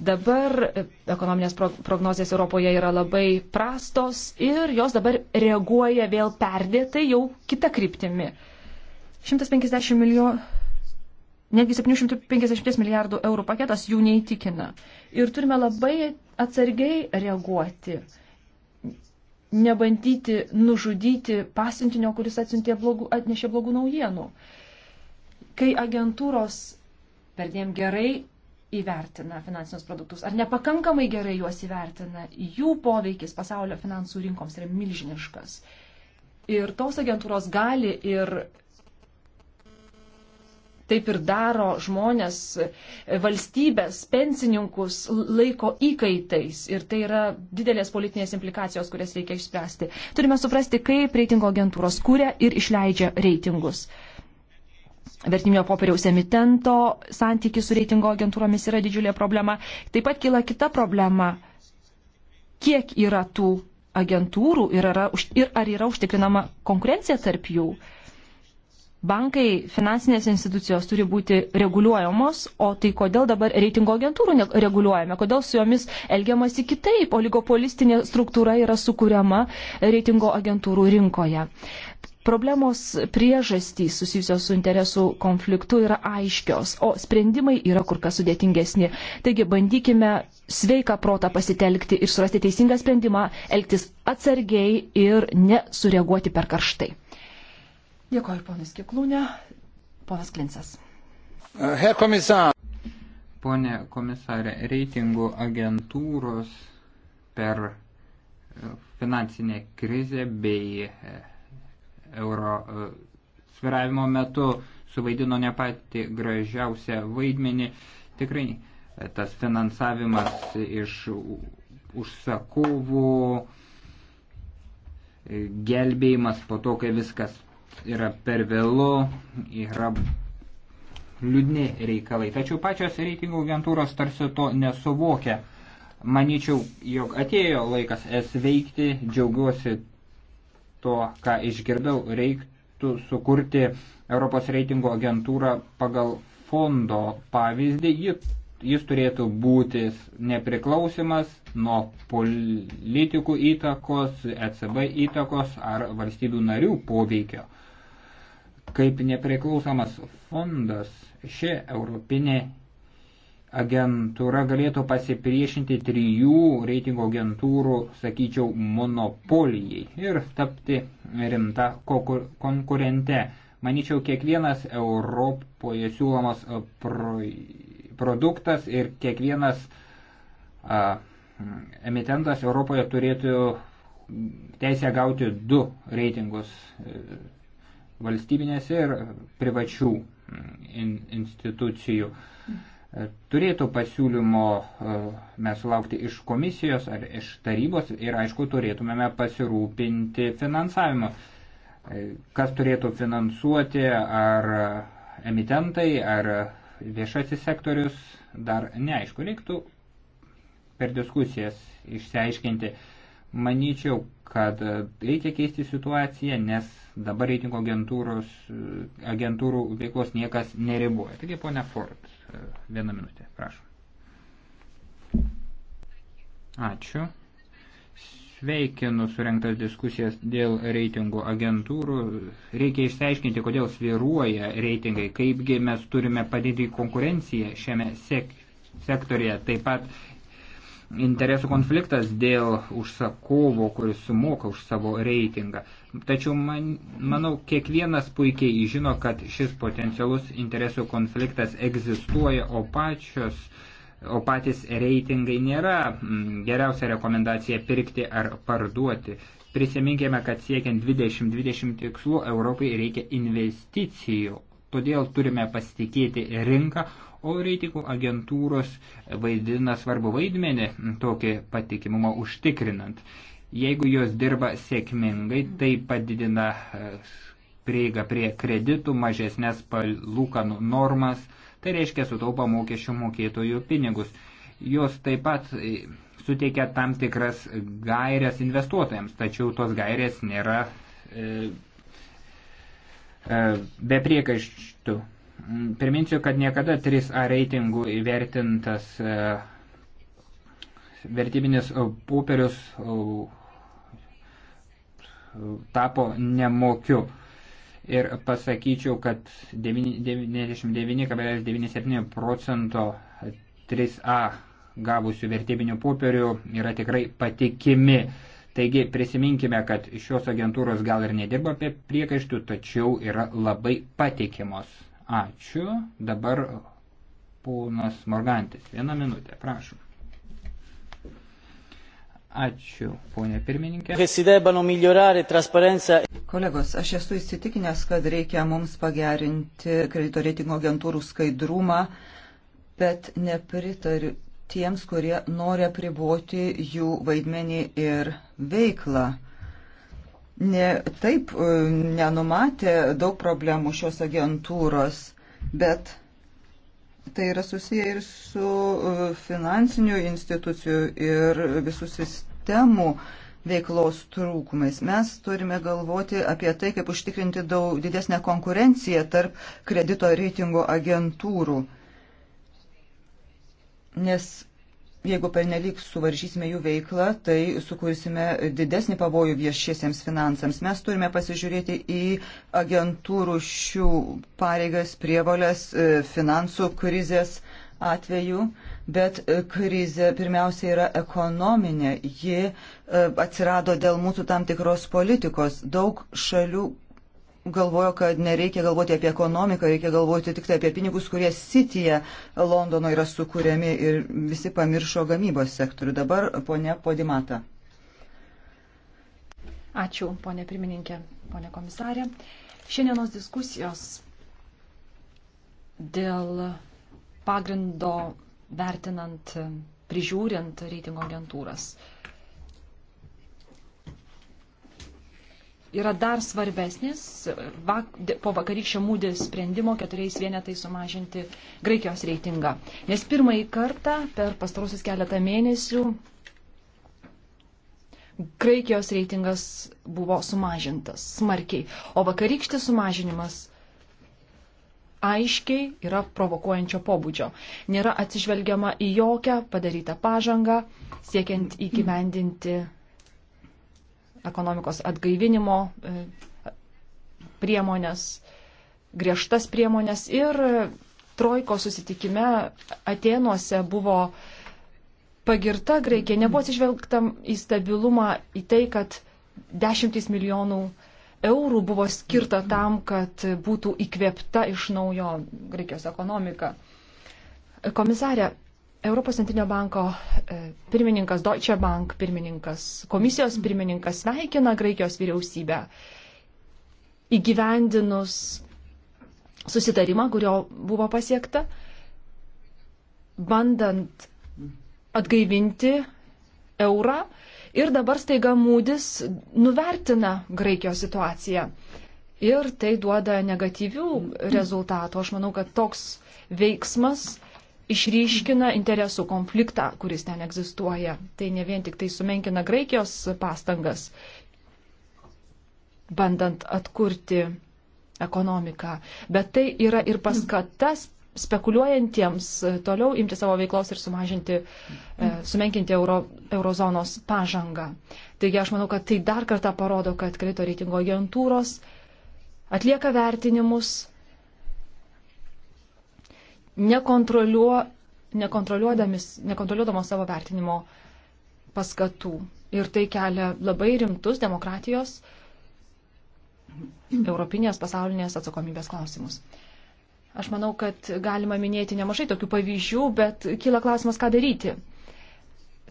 Dabar ekonominės prognozijas Europoje yra labai prastos ir jos dabar reaguoja vėl perdėtai jau kitą kryptimį. 150 milijonų, netgi 750 milijardų eurų paketas jų neįtikina. Ir turime labai atsargiai reaguoti, nebandyti nužudyti pasiuntinio, kuris blogų, atnešė blogų naujienų. Kai agentūros perdėm gerai įvertina finansinius produktus, ar nepakankamai gerai juos įvertina, jų poveikis pasaulio finansų rinkoms yra milžiniškas. Ir tos agentūros gali ir taip ir daro žmonės, valstybės, pensininkus laiko įkaitais. Ir tai yra didelės politinės implikacijos, kurias reikia išspręsti. Turime suprasti, kaip reitingo agentūros kūrė ir išleidžia reitingus. Uh, vertinio popieriaus emitento santykis su reitingo agentūromis yra didžiulė problema. Taip pat kyla kita problema, kiek yra tų agentūrų ir, yra, ir ar yra užtikrinama konkurencija tarp jų. Bankai, finansinės institucijos turi būti reguliuojamos, o tai kodėl dabar reitingo agentūrų reguliuojame, kodėl su jomis elgiamasi kitaip, oligopolistinė struktūra yra sukūriama reitingo agentūrų rinkoje. Problemos priežastys susijusios su interesų konfliktu yra aiškios, o sprendimai yra kur kas sudėtingesni. Taigi bandykime sveiką protą pasitelkti ir surasti teisingą sprendimą, elgtis atsargiai ir nesureaguoti per karštai. Dėkoju, ponas Kiklūnė. Ponas Klinsas. Uh, Herr komisar. Pone komisarė, reitingų agentūros per uh, finansinę krizę bei uh, euro e, sviravimo metu suvaidino ne pati gražiausią vaidmenį. Tikrai e, tas finansavimas iš užsakovų, e, gelbėjimas po to, kai viskas yra per vėlu, yra liūdni reikalai. Tačiau pačios reitingų agentūros tarsi to nesuvokia. Manyčiau, jog atėjo laikas es veikti, džiaugiuosi to, ką išgirdau, reiktų sukurti Europos reitingo agentūrą pagal fondo pavyzdį. Jis turėtų būti nepriklausimas nuo politikų įtakos, ECB įtakos ar valstybių narių poveikio. Kaip nepriklausomas fondas ši europinė agentūra galėtų pasipriešinti trijų reitingo agentūrų, sakyčiau, monopolijai ir tapti rimta konkurente. Maničiau, kiekvienas Europoje siūlomas pro, produktas ir kiekvienas a, emitentas Europoje turėtų teisę gauti du reitingus e, valstybinės ir privačių in, institucijų. A, Turėtų pasiūlymo e, mes laukti iš komisijos ar iš tarybos ir aišku turėtumėme pasirūpinti finansavimu. E, kas turėtų finansuoti, ar emitentai, ar viešasis sektorius, dar neaišku. Reiktų per diskusijas išsiaiškinti. Manyčiau, kad reikia keisti situaciją, nes dabar reitingo agentūros, agentūrų veiklos niekas neriboja. Taigi, ponia Ford, vieną minutę, prašom. Ačiū. Sveikinu surinktas diskusijas dėl reitingų agentūrų. Reikia išsiaiškinti, kodėl sviruoja reitingai, kaipgi mes turime padidinti konkurenciją šiame sek sektorėje. Taip pat interesų konfliktas dėl užsakovo, kuris sumoka už savo reitingą. Tačiau man, manau, kiekvienas puikiai žino, kad šis potencialus interesų konfliktas egzistuoja, o, pačios, o patys reitingai nėra mm, geriausia rekomendacija pirkti ar parduoti. Prisiminkime, kad siekiant 2020 tikslų Europai reikia investicijų. Todėl turime pasitikėti rinką, o reitingų agentūros vaidina svarbu vaidmenį tokį patikimumą užtikrinant. Jeigu jos dirba sėkmingai, tai padidina e, prieigą prie kreditų, mažesnės palūkanų normas, tai reiškia sutaupa mokesčių mokėtojų pinigus. Jos taip pat e, suteikia tam tikras gairias investuotojams, tačiau tos gairės nėra e, e, be priekaištų Mm, priminsiu, kad niekada 3A reitingų įvertintas e, vertybinis popierius e, tapo nemokiu. Ir pasakyčiau, kad 99,97 procento 3A gavusių vertybinių popierių yra tikrai patikimi. Taigi prisiminkime, kad šios agentūros gal ir nedirba apie priekaištų, tačiau yra labai patikimos. Ačiū. Dabar ponas Morgantis. Vieną minutę, prašom. Ačiū, ponė pirmininkė. E Kolegos, aš esu įsitikinęs, kad reikia mums pagerinti kredito reitingo agentūrų skaidrumą, bet nepritariu tiems, kurie nori apriboti jų vaidmenį ir veiklą ne, taip e, nenumatė daug problemų šios agentūros, bet tai yra susiję ir su e, finansinių institucijų ir visų sistemų veiklos trūkumais. Mes turime galvoti apie tai, kaip užtikrinti daug didesnę konkurenciją tarp kredito reitingo agentūrų. Nes Jeigu pernelyg suvaržysime jų veiklą, tai sukursime didesnį pavojų viešiesiems finansams. Mes turime pasižiūrėti į agentūrų šių pareigas, prievalės, e, finansų krizės atveju, bet e, krizė pirmiausia yra ekonominė. Ji e, atsirado dėl mūsų tam tikros politikos. Daug šalių galvojo, kad nereikia galvoti apie ekonomiką, reikia galvoti tik tai apie pinigus, kurie Cityje Londono yra sukūrėmi ir visi pamiršo gamybos sektorių. Dabar ponia Podimata. Ačiū, ponė pirmininkė, ponė komisarė. Šiandienos diskusijos dėl pagrindo vertinant, prižiūrint reitingo agentūras yra dar svarbesnis vak, po vakarykščio mūdį sprendimo keturiais vienetai sumažinti Graikijos reitingą. Nes pirmąjį kartą per pastarosius keletą mėnesių Graikijos reitingas buvo sumažintas smarkiai, o vakarykštis sumažinimas aiškiai yra provokuojančio pobūdžio. Nėra atsižvelgiama į jokią padarytą pažangą, siekiant įgyvendinti ekonomikos atgaivinimo e, priemonės, griežtas priemonės ir trojko susitikime Atenuose buvo pagirta Graikija, nebuvo atsižvelgta į stabilumą, į tai, kad dešimtys milijonų eurų buvo skirta tam, kad būtų įkvėpta iš naujo Graikijos ekonomika. Komisarė, Europos centrinio banko e, pirmininkas, Deutsche Bank pirmininkas, komisijos pirmininkas sveikina Graikijos vyriausybę įgyvendinus susitarimą, kurio buvo pasiekta, bandant atgaivinti eurą ir dabar staiga mūdis nuvertina Graikijos situaciją. Ir tai duoda negatyvių rezultatų. Aš manau, kad toks veiksmas išryškina interesų konfliktą, kuris ten egzistuoja. Tai ne vien tik tai sumenkina Graikijos pastangas, bandant atkurti ekonomiką, bet tai yra ir paskatas spekuliuojantiems toliau imti savo veiklos ir sumažinti, e, sumenkinti euro, eurozonos pažangą. Taigi aš manau, kad tai dar kartą parodo, kad kredito reitingo agentūros atlieka vertinimus nekontroliuodamos savo vertinimo paskatų. Ir tai kelia labai rimtus demokratijos, europinės, pasaulinės atsakomybės klausimus. Aš manau, kad galima minėti nemažai tokių pavyzdžių, bet kyla klausimas, ką daryti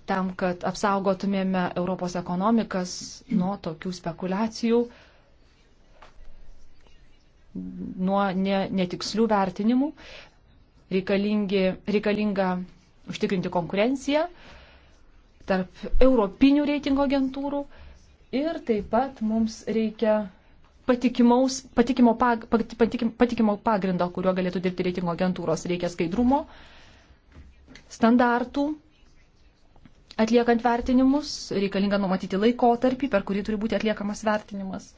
tam, kad apsaugotumėme Europos ekonomikas nuo tokių spekulacijų, nuo ne, netikslių vertinimų reikalinga užtikrinti konkurenciją tarp europinių reitingo agentūrų ir taip pat mums reikia patikimaus, patikimo, pag, patikim, patikimo pagrindo, kuriuo galėtų dirbti reitingo agentūros. Reikia skaidrumo, standartų, atliekant vertinimus, reikalinga numatyti laikotarpį, per kurį turi būti atliekamas vertinimas.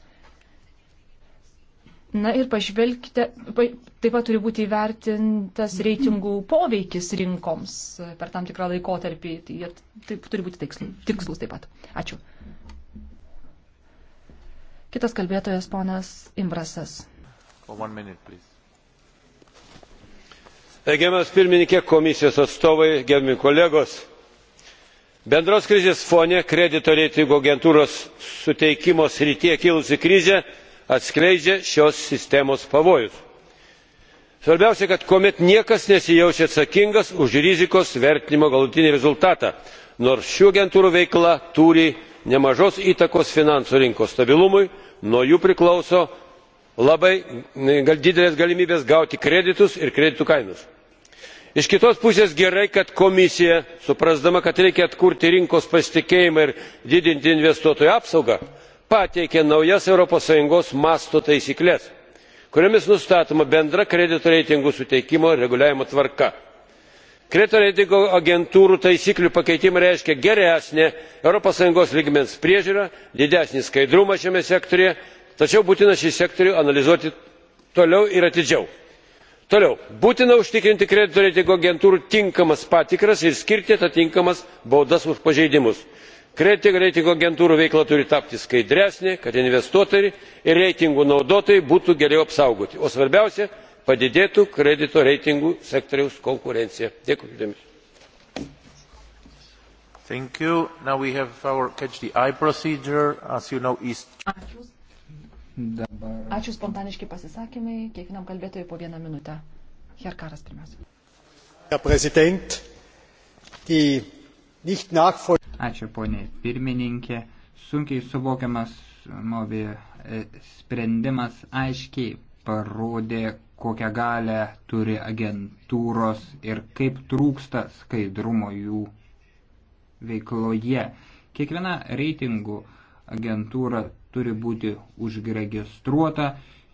Na ir pažvelkite, taip pat turi būti įvertintas reitingų poveikis rinkoms per tam tikrą laikotarpį. Tai taip, turi būti tikslus taip pat. Ačiū. Kitas kalbėtojas ponas Imbrasas. Oh, Gerbiamas pirmininkė, komisijos atstovai, gerbiami kolegos. Bendros krizės fone kredito reitingų agentūros suteikimo srityje kilusi krizė atskleidžia šios sistemos pavojus. svarbiausia kad kuomet niekas nesijaučia atsakingas už rizikos vertinimo galutinį rezultatą nors šių agentūrų veikla turi nemažos įtakos finansų rinkos stabilumui nuo jų priklauso labai didelės galimybės gauti kreditus ir kreditų kainos. iš kitos pusės gerai kad komisija suprasdama kad reikia atkurti rinkos pasitikėjimą ir didinti investuotojų apsaugą pateikė naujas europos sąjungos masto taisykles kuriomis nustatoma bendra kredito reitingų suteikimo ir reguliavimo tvarka. kredito reitingų agentūrų taisyklių pakeitimai reiškia geresnę europos sąjungos lygmens priežiūrą didesnį skaidrumą šiame sektoriuje tačiau būtina šį sektorių analizuoti toliau ir atidžiau. toliau būtina užtikrinti kredito reitingų agentūrų tinkamas patikras ir skirti atitinkamas baudas už pažeidimus kredito reitingų agentūrų veikla turi tapti skaidresnė kad investuotojai ir reitingų naudotojai būtų geriau apsaugoti o svarbiausia padidėtų kredito reitingų sektoriaus konkurencija. Dabar... Ačiū spontaniški pasisakymai. Kiekvienam kalbėtojui po vieną minutę. Herkaras pirmiausia. Herr Präsident, die Ačiū ponė pirmininkė. Sunkiai suvokiamas Movi e, sprendimas aiškiai parodė, kokią galę turi agentūros ir kaip trūksta skaidrumo jų veikloje. Kiekviena reitingų agentūra turi būti užregistruota,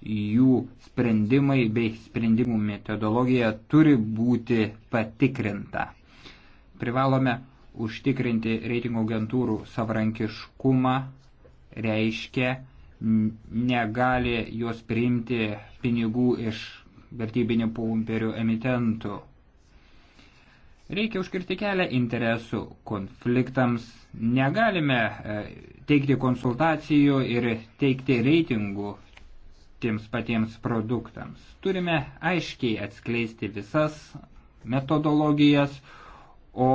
jų sprendimai bei sprendimų metodologija turi būti patikrinta. Privalome užtikrinti reitingų agentūrų savrankiškumą reiškia negali juos priimti pinigų iš vertybinių pumperių emitentų. Reikia užkirti kelią interesų konfliktams. Negalime e, teikti konsultacijų ir teikti reitingų tiems patiems produktams. Turime aiškiai atskleisti visas metodologijas, o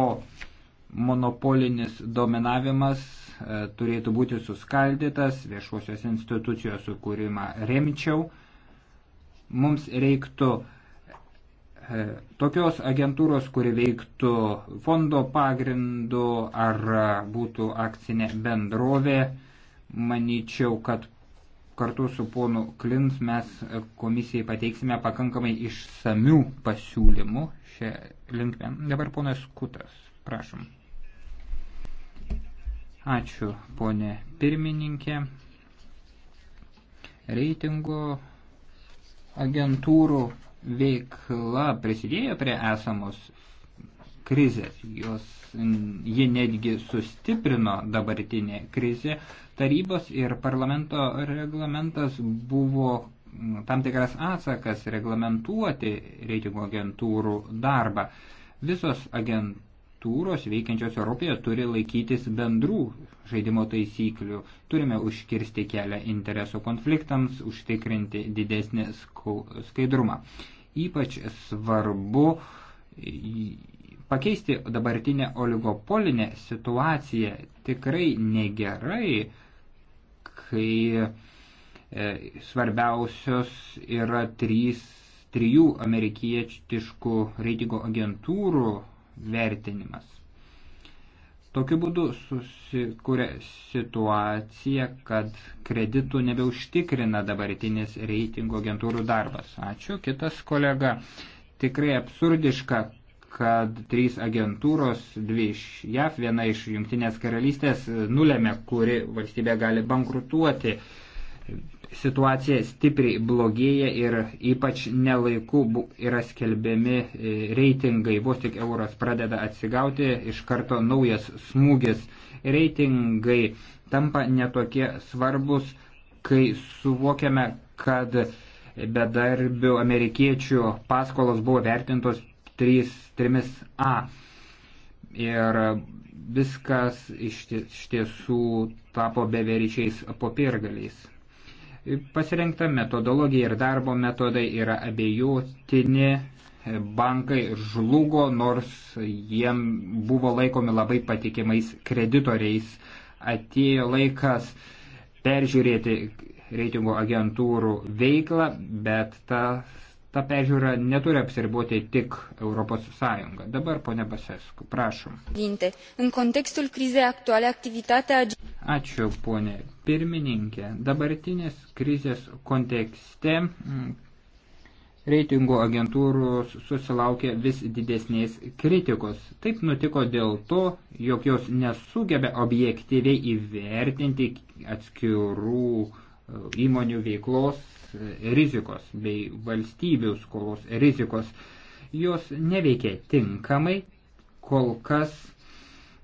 monopolinis dominavimas e, turėtų būti suskaldytas, viešuosios institucijos sukūrimą remčiau. Mums reiktų e, tokios agentūros, kuri veiktų fondo pagrindu ar būtų akcinė bendrovė. Manyčiau, kad kartu su ponu Klins mes komisijai pateiksime pakankamai išsamių pasiūlymų šią linkmę. Dabar ponas Kutas, prašom. Ačiū, ponė pirmininkė. Reitingo agentūrų veikla prisidėjo prie esamos krizės. Jos, ji netgi sustiprino dabartinė krizė. Tarybos ir parlamento reglamentas buvo tam tikras atsakas reglamentuoti reitingo agentūrų darbą. Visos agentūros struktūros veikiančios Europoje turi laikytis bendrų žaidimo taisyklių. Turime užkirsti kelią interesų konfliktams, užtikrinti didesnį skaidrumą. Ypač svarbu pakeisti dabartinę oligopolinę situaciją tikrai negerai, kai e, svarbiausios yra trys, trijų amerikietiškų reitingo agentūrų vertinimas. Tokiu būdu susikūrė situacija, kad kreditų nebeužtikrina dabartinis reitingo agentūrų darbas. Ačiū. Kitas kolega. Tikrai absurdiška, kad trys agentūros, dvi iš JAF, viena iš Junktinės karalystės, nulėmė, kuri valstybė gali bankrutuoti. Uh, situacija stipriai blogėja ir ypač nelaiku yra skelbiami e, reitingai. Vos tik euras pradeda atsigauti, iš karto naujas smūgis. Reitingai tampa netokie svarbus, kai suvokiame, kad bedarbių amerikiečių paskolos buvo vertintos 3, 3A. Ir viskas iš tiesų tapo beveryčiais popiergaliais. Pasirinkta metodologija ir darbo metodai yra abejotini, bankai žlugo, nors jiem buvo laikomi labai patikimais kreditoriais. Atėjo laikas peržiūrėti reitingų agentūrų veiklą, bet tas Ta peržiūra neturi apsiriboti tik Europos Sąjunga. Dabar, ponė Basesku, prašom. În contextul crizei actuale, activitatea... Ačiū, ponė pirmininkė. Dabartinės krizės kontekste mm, reitingų agentūrų susilaukė vis didesnės kritikos. Taip nutiko dėl to, jog jos nesugebė objektyviai įvertinti atskirų e, įmonių veiklos rizikos bei valstybių skolos rizikos. Jos neveikia tinkamai, kol kas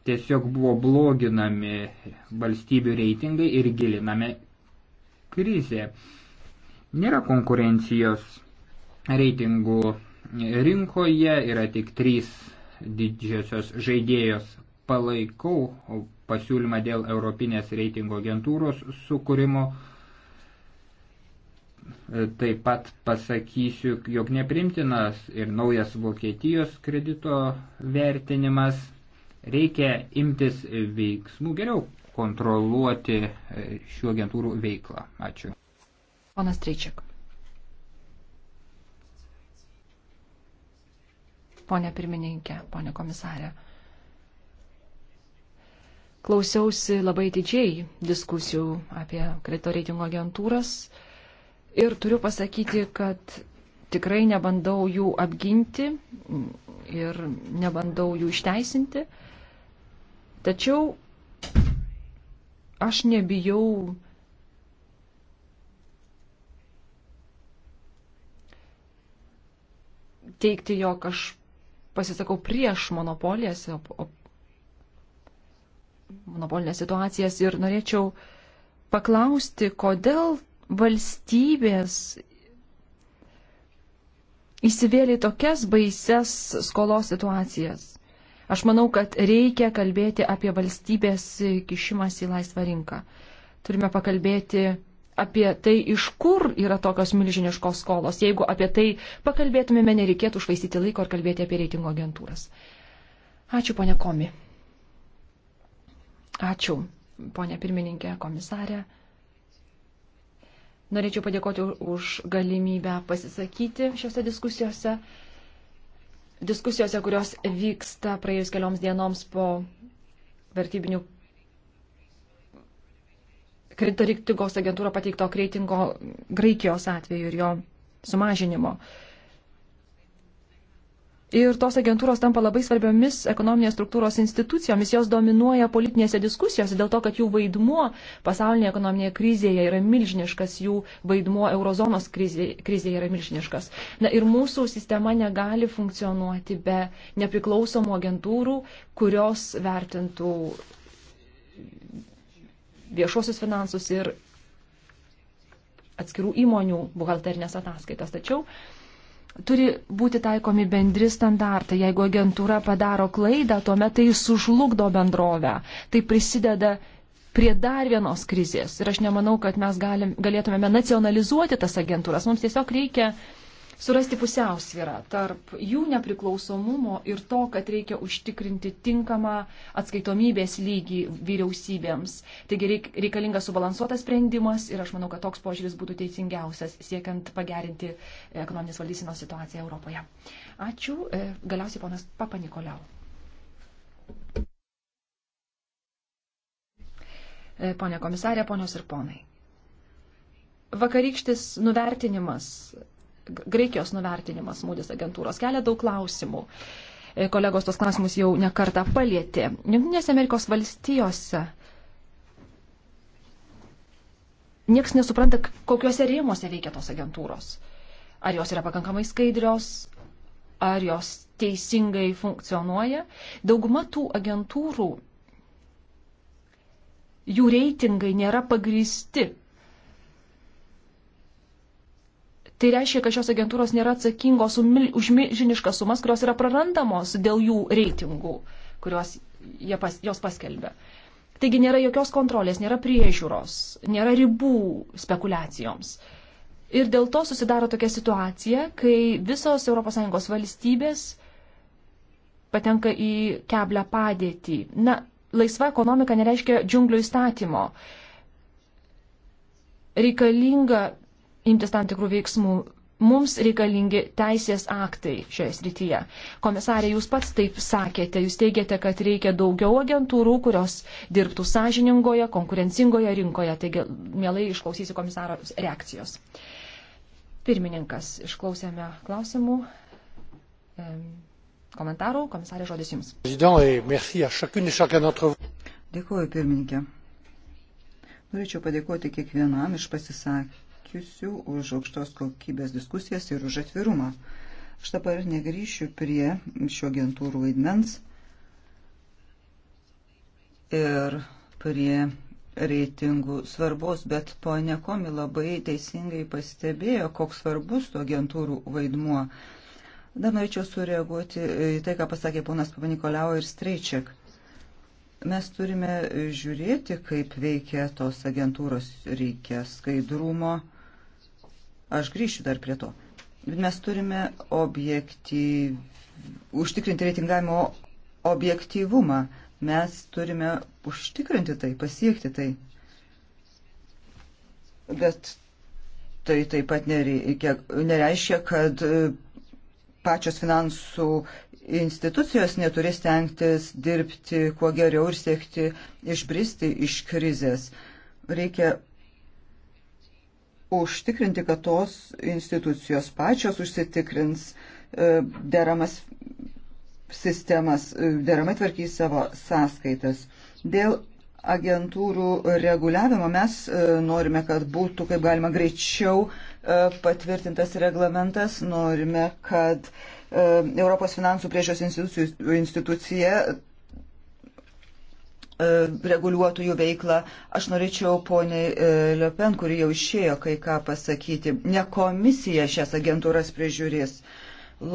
tiesiog buvo bloginami valstybių reitingai ir gilinami krizė. Nėra konkurencijos reitingų rinkoje, yra tik trys didžiosios žaidėjos palaikau pasiūlymą dėl Europinės reitingo agentūros sukūrimo taip pat pasakysiu, jog neprimtinas ir naujas Vokietijos kredito vertinimas. Reikia imtis veiksmų geriau kontroliuoti e, šių agentūrų veiklą. Ačiū. Ponas Treičiak. Pone pirmininkė, pone komisarė. Klausiausi labai didžiai diskusijų apie kredito reitingo agentūras Ir turiu pasakyti, kad tikrai nebandau jų apginti ir nebandau jų išteisinti. Tačiau aš nebijau teikti, jog aš pasisakau prieš monopolijas, o, o monopolinės situacijas ir norėčiau paklausti, kodėl valstybės įsivėlė į tokias baises skolos situacijas. Aš manau, kad reikia kalbėti apie valstybės kišimas į laisvą rinką. Turime pakalbėti apie tai, iš kur yra tokios milžiniškos skolos. Jeigu apie tai pakalbėtumėme, nereikėtų švaistyti laiko ir kalbėti apie reitingo agentūras. Ačiū, ponė Komi. Ačiū, ponė pirmininkė, komisarė. Norėčiau padėkoti už galimybę pasisakyti šiuose diskusijose. Diskusijose, kurios vyksta praėjus kelioms dienoms po vertybinių kreditoriktigos agentūro pateikto kreitingo Graikijos atveju ir jo sumažinimo. Uh, Ir tos agentūros tampa labai svarbiomis ekonominės struktūros institucijomis, jos dominuoja politinėse diskusijose dėl to, kad jų vaidmuo pasaulinėje ekonominėje krizėje yra milžiniškas, jų vaidmuo eurozonos krizėje, krizėje yra milžiniškas. Na ir mūsų sistema negali funkcionuoti be nepriklausomų agentūrų, kurios vertintų viešuosius finansus ir atskirų įmonių buhalterinės ataskaitas. Tačiau turi būti taikomi bendri standartai. Jeigu agentūra padaro klaidą, tuomet tai sužlugdo bendrovę. Tai prisideda prie dar vienos krizės. Ir aš nemanau, kad mes galim, galėtumėme nacionalizuoti tas agentūras. Mums tiesiog reikia uh, surasti pusiausvyrą tarp jų nepriklausomumo ir to, kad reikia užtikrinti tinkamą atskaitomybės lygį vyriausybėms. Taigi reik, reikalingas subalansuotas sprendimas ir aš manau, kad toks požiūris būtų teisingiausias, siekiant pagerinti ekonominės valdysinos situaciją Europoje. Ačiū. E, galiausiai ponas Papa Nikoliau. E, pone komisarė, ponios ir ponai vakarykštis nuvertinimas Graikijos nuvertinimas Mūdis agentūros kelia daug klausimų. E, kolegos tos klausimus jau nekarta palėtė. Junktinėse Amerikos valstijose niekas nesupranta, kokiuose rėmuose veikia tos agentūros. Ar jos yra pakankamai skaidrios, ar jos teisingai funkcionuoja. Dauguma tų agentūrų, jų reitingai nėra pagristi Tai reiškia, kad šios agentūros nėra atsakingos už milžiniškas sumas, kurios yra prarandamos dėl jų reitingų, kurios pas, jos paskelbė. Taigi nėra jokios kontrolės, nėra priežiūros, nėra ribų spekulacijoms. Ir dėl to susidaro tokia situacija, kai visos ES valstybės patenka į keblę padėtį. Na, laisva ekonomika nereiškia džiunglių įstatymo. Reikalinga imtis tam tikrų veiksmų. Mums reikalingi teisės aktai šioje srityje. Komisarė, jūs pats taip sakėte, jūs teigiate, kad reikia daugiau agentūrų, kurios dirbtų sąžiningoje, konkurencingoje rinkoje. Taigi, mielai išklausysiu komisaro reakcijos. Pirmininkas, išklausėme klausimų, komentarų. Komisarė, žodis jums. Dėkuoju, pirmininkė. Norėčiau padėkoti kiekvienam iš pasisakymų pasisakiusių už aukštos kokybės diskusijas ir už atvirumą. Aš dabar negryšiu prie šio agentūrų vaidmens ir prie reitingų svarbos, bet ponė Komi labai teisingai pastebėjo, koks svarbus to agentūrų vaidmuo. Dar norėčiau sureaguoti į tai, ką pasakė ponas Papanikolau ir Streičiak. Mes turime žiūrėti, kaip veikia tos agentūros, reikia skaidrumo, Aš grįšiu dar prie to. Bet mes turime objektyv... užtikrinti reitingavimo objektyvumą. Mes turime užtikrinti tai, pasiekti tai. Bet tai taip pat nereikia, nereiškia, kad e, pačios finansų institucijos neturės tenktis dirbti kuo geriau ir siekti išbristi iš krizės. Reikia užtikrinti, kad tos institucijos pačios užsitikrins e, deramas sistemas, e, deramai tvarkys savo sąskaitas. Dėl agentūrų reguliavimo mes e, norime, kad būtų kaip galima greičiau patvirtintas reglamentas, norime, kad Europos finansų priežios institucija E, reguliuotų jų veiklą. Aš norėčiau poniai e, Lepen, kuri jau išėjo kai ką pasakyti, ne komisija šias agentūras prižiūrės.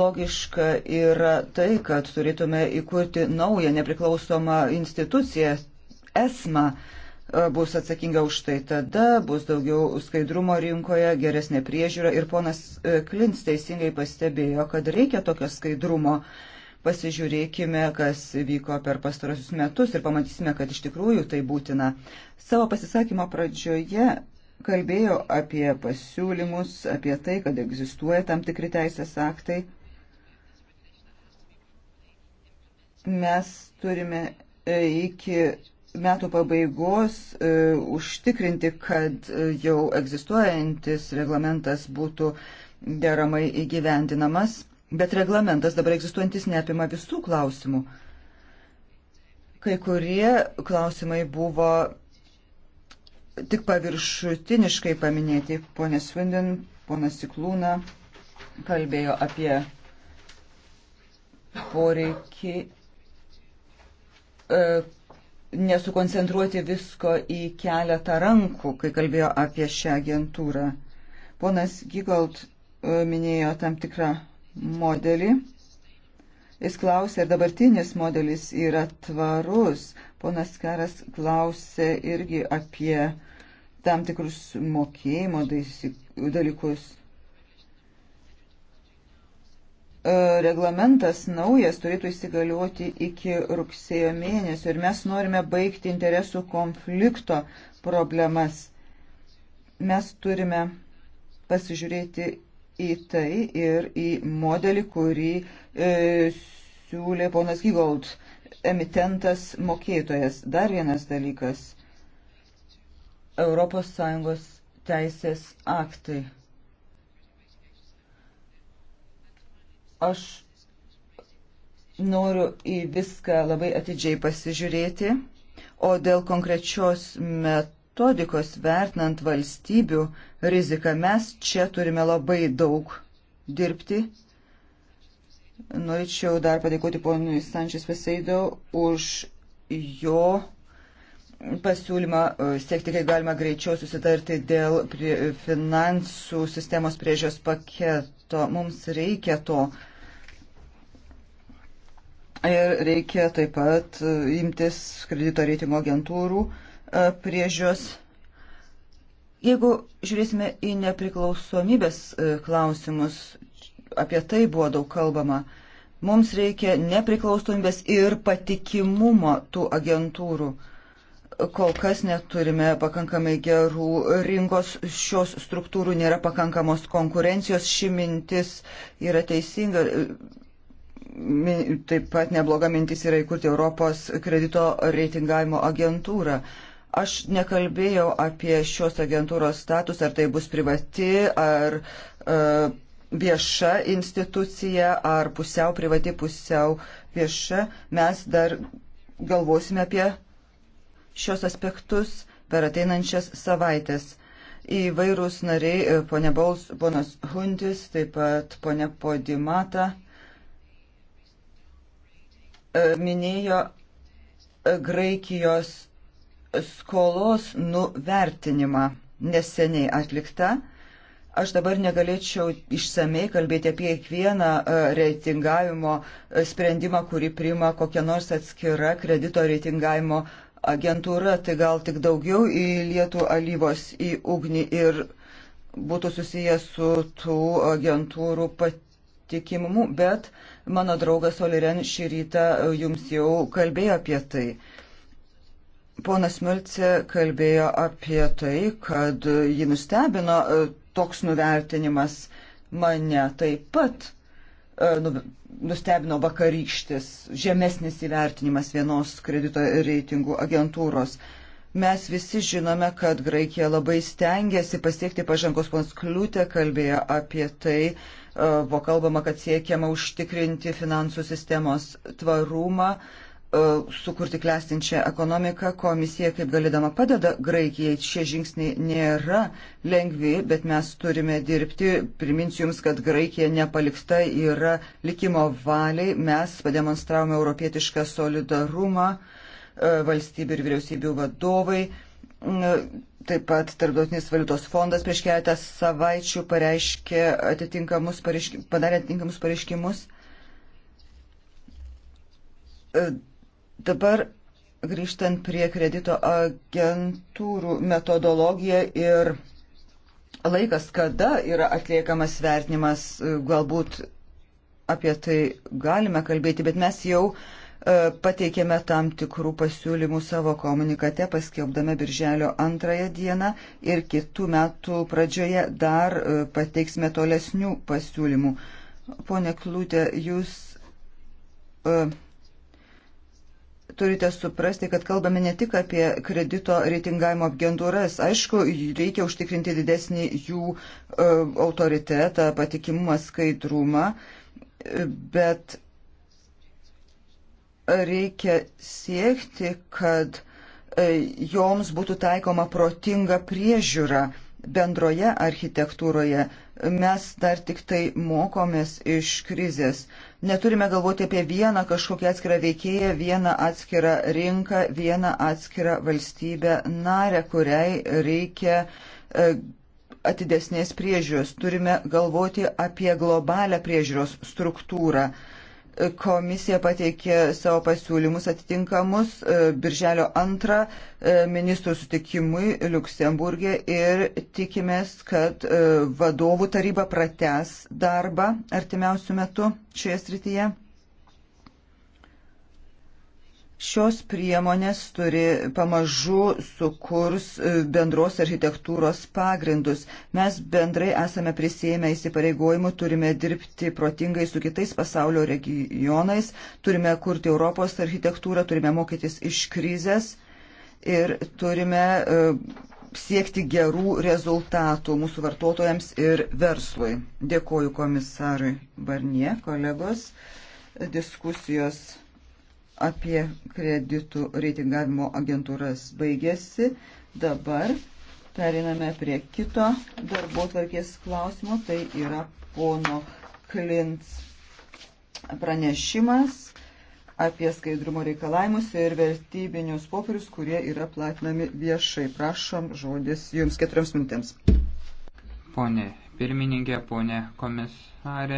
Logiška yra tai, kad turėtume įkurti naują nepriklausomą instituciją, ESMA e, bus atsakinga už tai. Tada bus daugiau skaidrumo rinkoje, geresnė priežiūra. Ir ponas Klins teisingai pastebėjo, kad reikia tokio skaidrumo. Uh, Pasižiūrėkime, kas vyko per pastarosius metus ir pamatysime, kad iš tikrųjų tai būtina. Savo pasisakymo pradžioje kalbėjau apie pasiūlymus, apie tai, kad egzistuoja tam tikri teisės aktai. Mes turime e, iki metų pabaigos e, užtikrinti, kad e, jau egzistuojantis reglamentas būtų deramai įgyvendinamas. Bet reglamentas dabar egzistuojantis neapima visų klausimų. Kai kurie klausimai buvo tik paviršutiniškai paminėti. Pone Svindin, ponas Siklūna kalbėjo apie poreikį e, nesukoncentruoti visko į keletą rankų, kai kalbėjo apie šią agentūrą. Ponas Gigold e, minėjo tam tikrą modelį. Jis klausė, ar dabartinis modelis yra tvarus. Ponas Karas klausė irgi apie tam tikrus mokėjimo dalykus. E, reglamentas naujas turėtų įsigalioti iki rugsėjo mėnesio ir mes norime baigti interesų konflikto problemas. Mes turime pasižiūrėti į tai ir į modelį, kurį e, siūlė ponas Gygold, emitentas mokėtojas. Dar vienas dalykas - ES teisės aktai. Aš noriu į viską labai atidžiai pasižiūrėti, o dėl konkrečios metodikos vertinant valstybių, riziką. Mes čia turime labai daug dirbti. Norėčiau dar padėkoti ponui Sančias Peseido už jo pasiūlymą e, siekti, kai galima greičiau susitarti dėl finansų sistemos priežios paketo. Mums reikia to. Ir reikia taip pat e, imtis kredito reitingo agentūrų e, priežios Jeigu žiūrėsime į nepriklausomybės e, klausimus, apie tai buvo daug kalbama, mums reikia nepriklausomybės ir patikimumo tų agentūrų. Kol kas neturime pakankamai gerų rinkos, šios struktūrų nėra pakankamos konkurencijos, ši mintis yra teisinga. Taip pat nebloga mintis yra įkurti Europos kredito reitingavimo agentūrą. Aš nekalbėjau apie šios agentūros status, ar tai bus privati, ar e, vieša institucija, ar pusiau privati, pusiau vieša. Mes dar galvosime apie šios aspektus per ateinančias savaitės. Įvairūs nariai, e, ponia Bols, ponas Huntis, taip pat ponia Podimata, e, minėjo e, Graikijos skolos nuvertinimą neseniai atlikta. Aš dabar negalėčiau išsamei kalbėti apie kiekvieną e, reitingavimo e, sprendimą, kurį priima kokia nors atskira kredito reitingavimo agentūra. Tai gal tik daugiau įlietų alyvos į ugnį ir būtų susijęs su tų agentūrų patikimumu, bet mano draugas Oliren šį rytą e, jums jau kalbėjo apie tai. Ponas Milce kalbėjo apie tai, kad jį nustebino e, toks nuvertinimas mane taip pat e, nu, nustebino vakarykštis žemesnis įvertinimas vienos kredito reitingų agentūros. Mes visi žinome, kad Graikija labai stengiasi pasiekti pažangos. Pons Kliūtė kalbėjo apie tai, e, buvo kalbama, kad siekiama užtikrinti finansų sistemos tvarumą. Uh, E, sukurti klestinčią ekonomiką. Komisija, kaip galėdama, padeda Graikijai. Šie žingsniai nėra lengvi, bet mes turime dirbti. Priminsiu Jums, kad Graikija nepalikta yra likimo valiai. Mes pademonstravome europietišką solidarumą e, valstybių ir vyriausybių vadovai. Mm, e, taip pat Tarptautinis valiutos fondas prieš keletą savaičių pareiškė atitinkamus pareiškimus, padarė atitinkamus pareiškimus Dabar grįžtant prie kredito agentūrų metodologiją ir laikas, kada yra atliekamas vertinimas, galbūt apie tai galime kalbėti, bet mes jau e, pateikėme tam tikrų pasiūlymų savo komunikate, paskelbdame Birželio antrąją dieną ir kitų metų pradžioje dar e, pateiksime tolesnių pasiūlymų. Pone Klūtė, jūs e, turite suprasti, kad kalbame ne tik apie kredito reitingavimo agentūras. Aišku, reikia užtikrinti didesnį jų e, autoritetą, patikimumą, skaidrumą, bet reikia siekti, kad e, joms būtų taikoma protinga priežiūra bendroje architektūroje. Mes dar tik tai mokomės iš krizės. Neturime galvoti apie vieną kažkokią atskirą veikėją, vieną atskirą rinką, vieną atskirą valstybę narę, kuriai reikia e, atidesnės priežiūros. Turime galvoti apie globalią priežiūros struktūrą. Komisija pateikė savo pasiūlymus atitinkamus e, birželio antrą e, ministrų sutikimui Luksemburgė ir tikimės, kad e, vadovų taryba prates darbą artimiausių metų šioje srityje. Šios priemonės turi pamažu sukurs e, bendros architektūros pagrindus. Mes bendrai esame prisėmę įsipareigojimų, turime dirbti protingai su kitais pasaulio regionais, turime kurti Europos architektūrą, turime mokytis iš krizės ir turime e, siekti gerų rezultatų mūsų vartotojams ir verslui. Dėkoju komisarui Barnie, kolegos. Diskusijos apie kreditų reitingavimo agentūras baigėsi. Dabar periname prie kito darbo tvarkės klausimo. Tai yra pono Klins pranešimas apie skaidrumo reikalavimus ir vertybinius popierius, kurie yra platinami viešai. Prašom žodis jums keturioms minutėms. Pone pirmininkė, pone komisarė.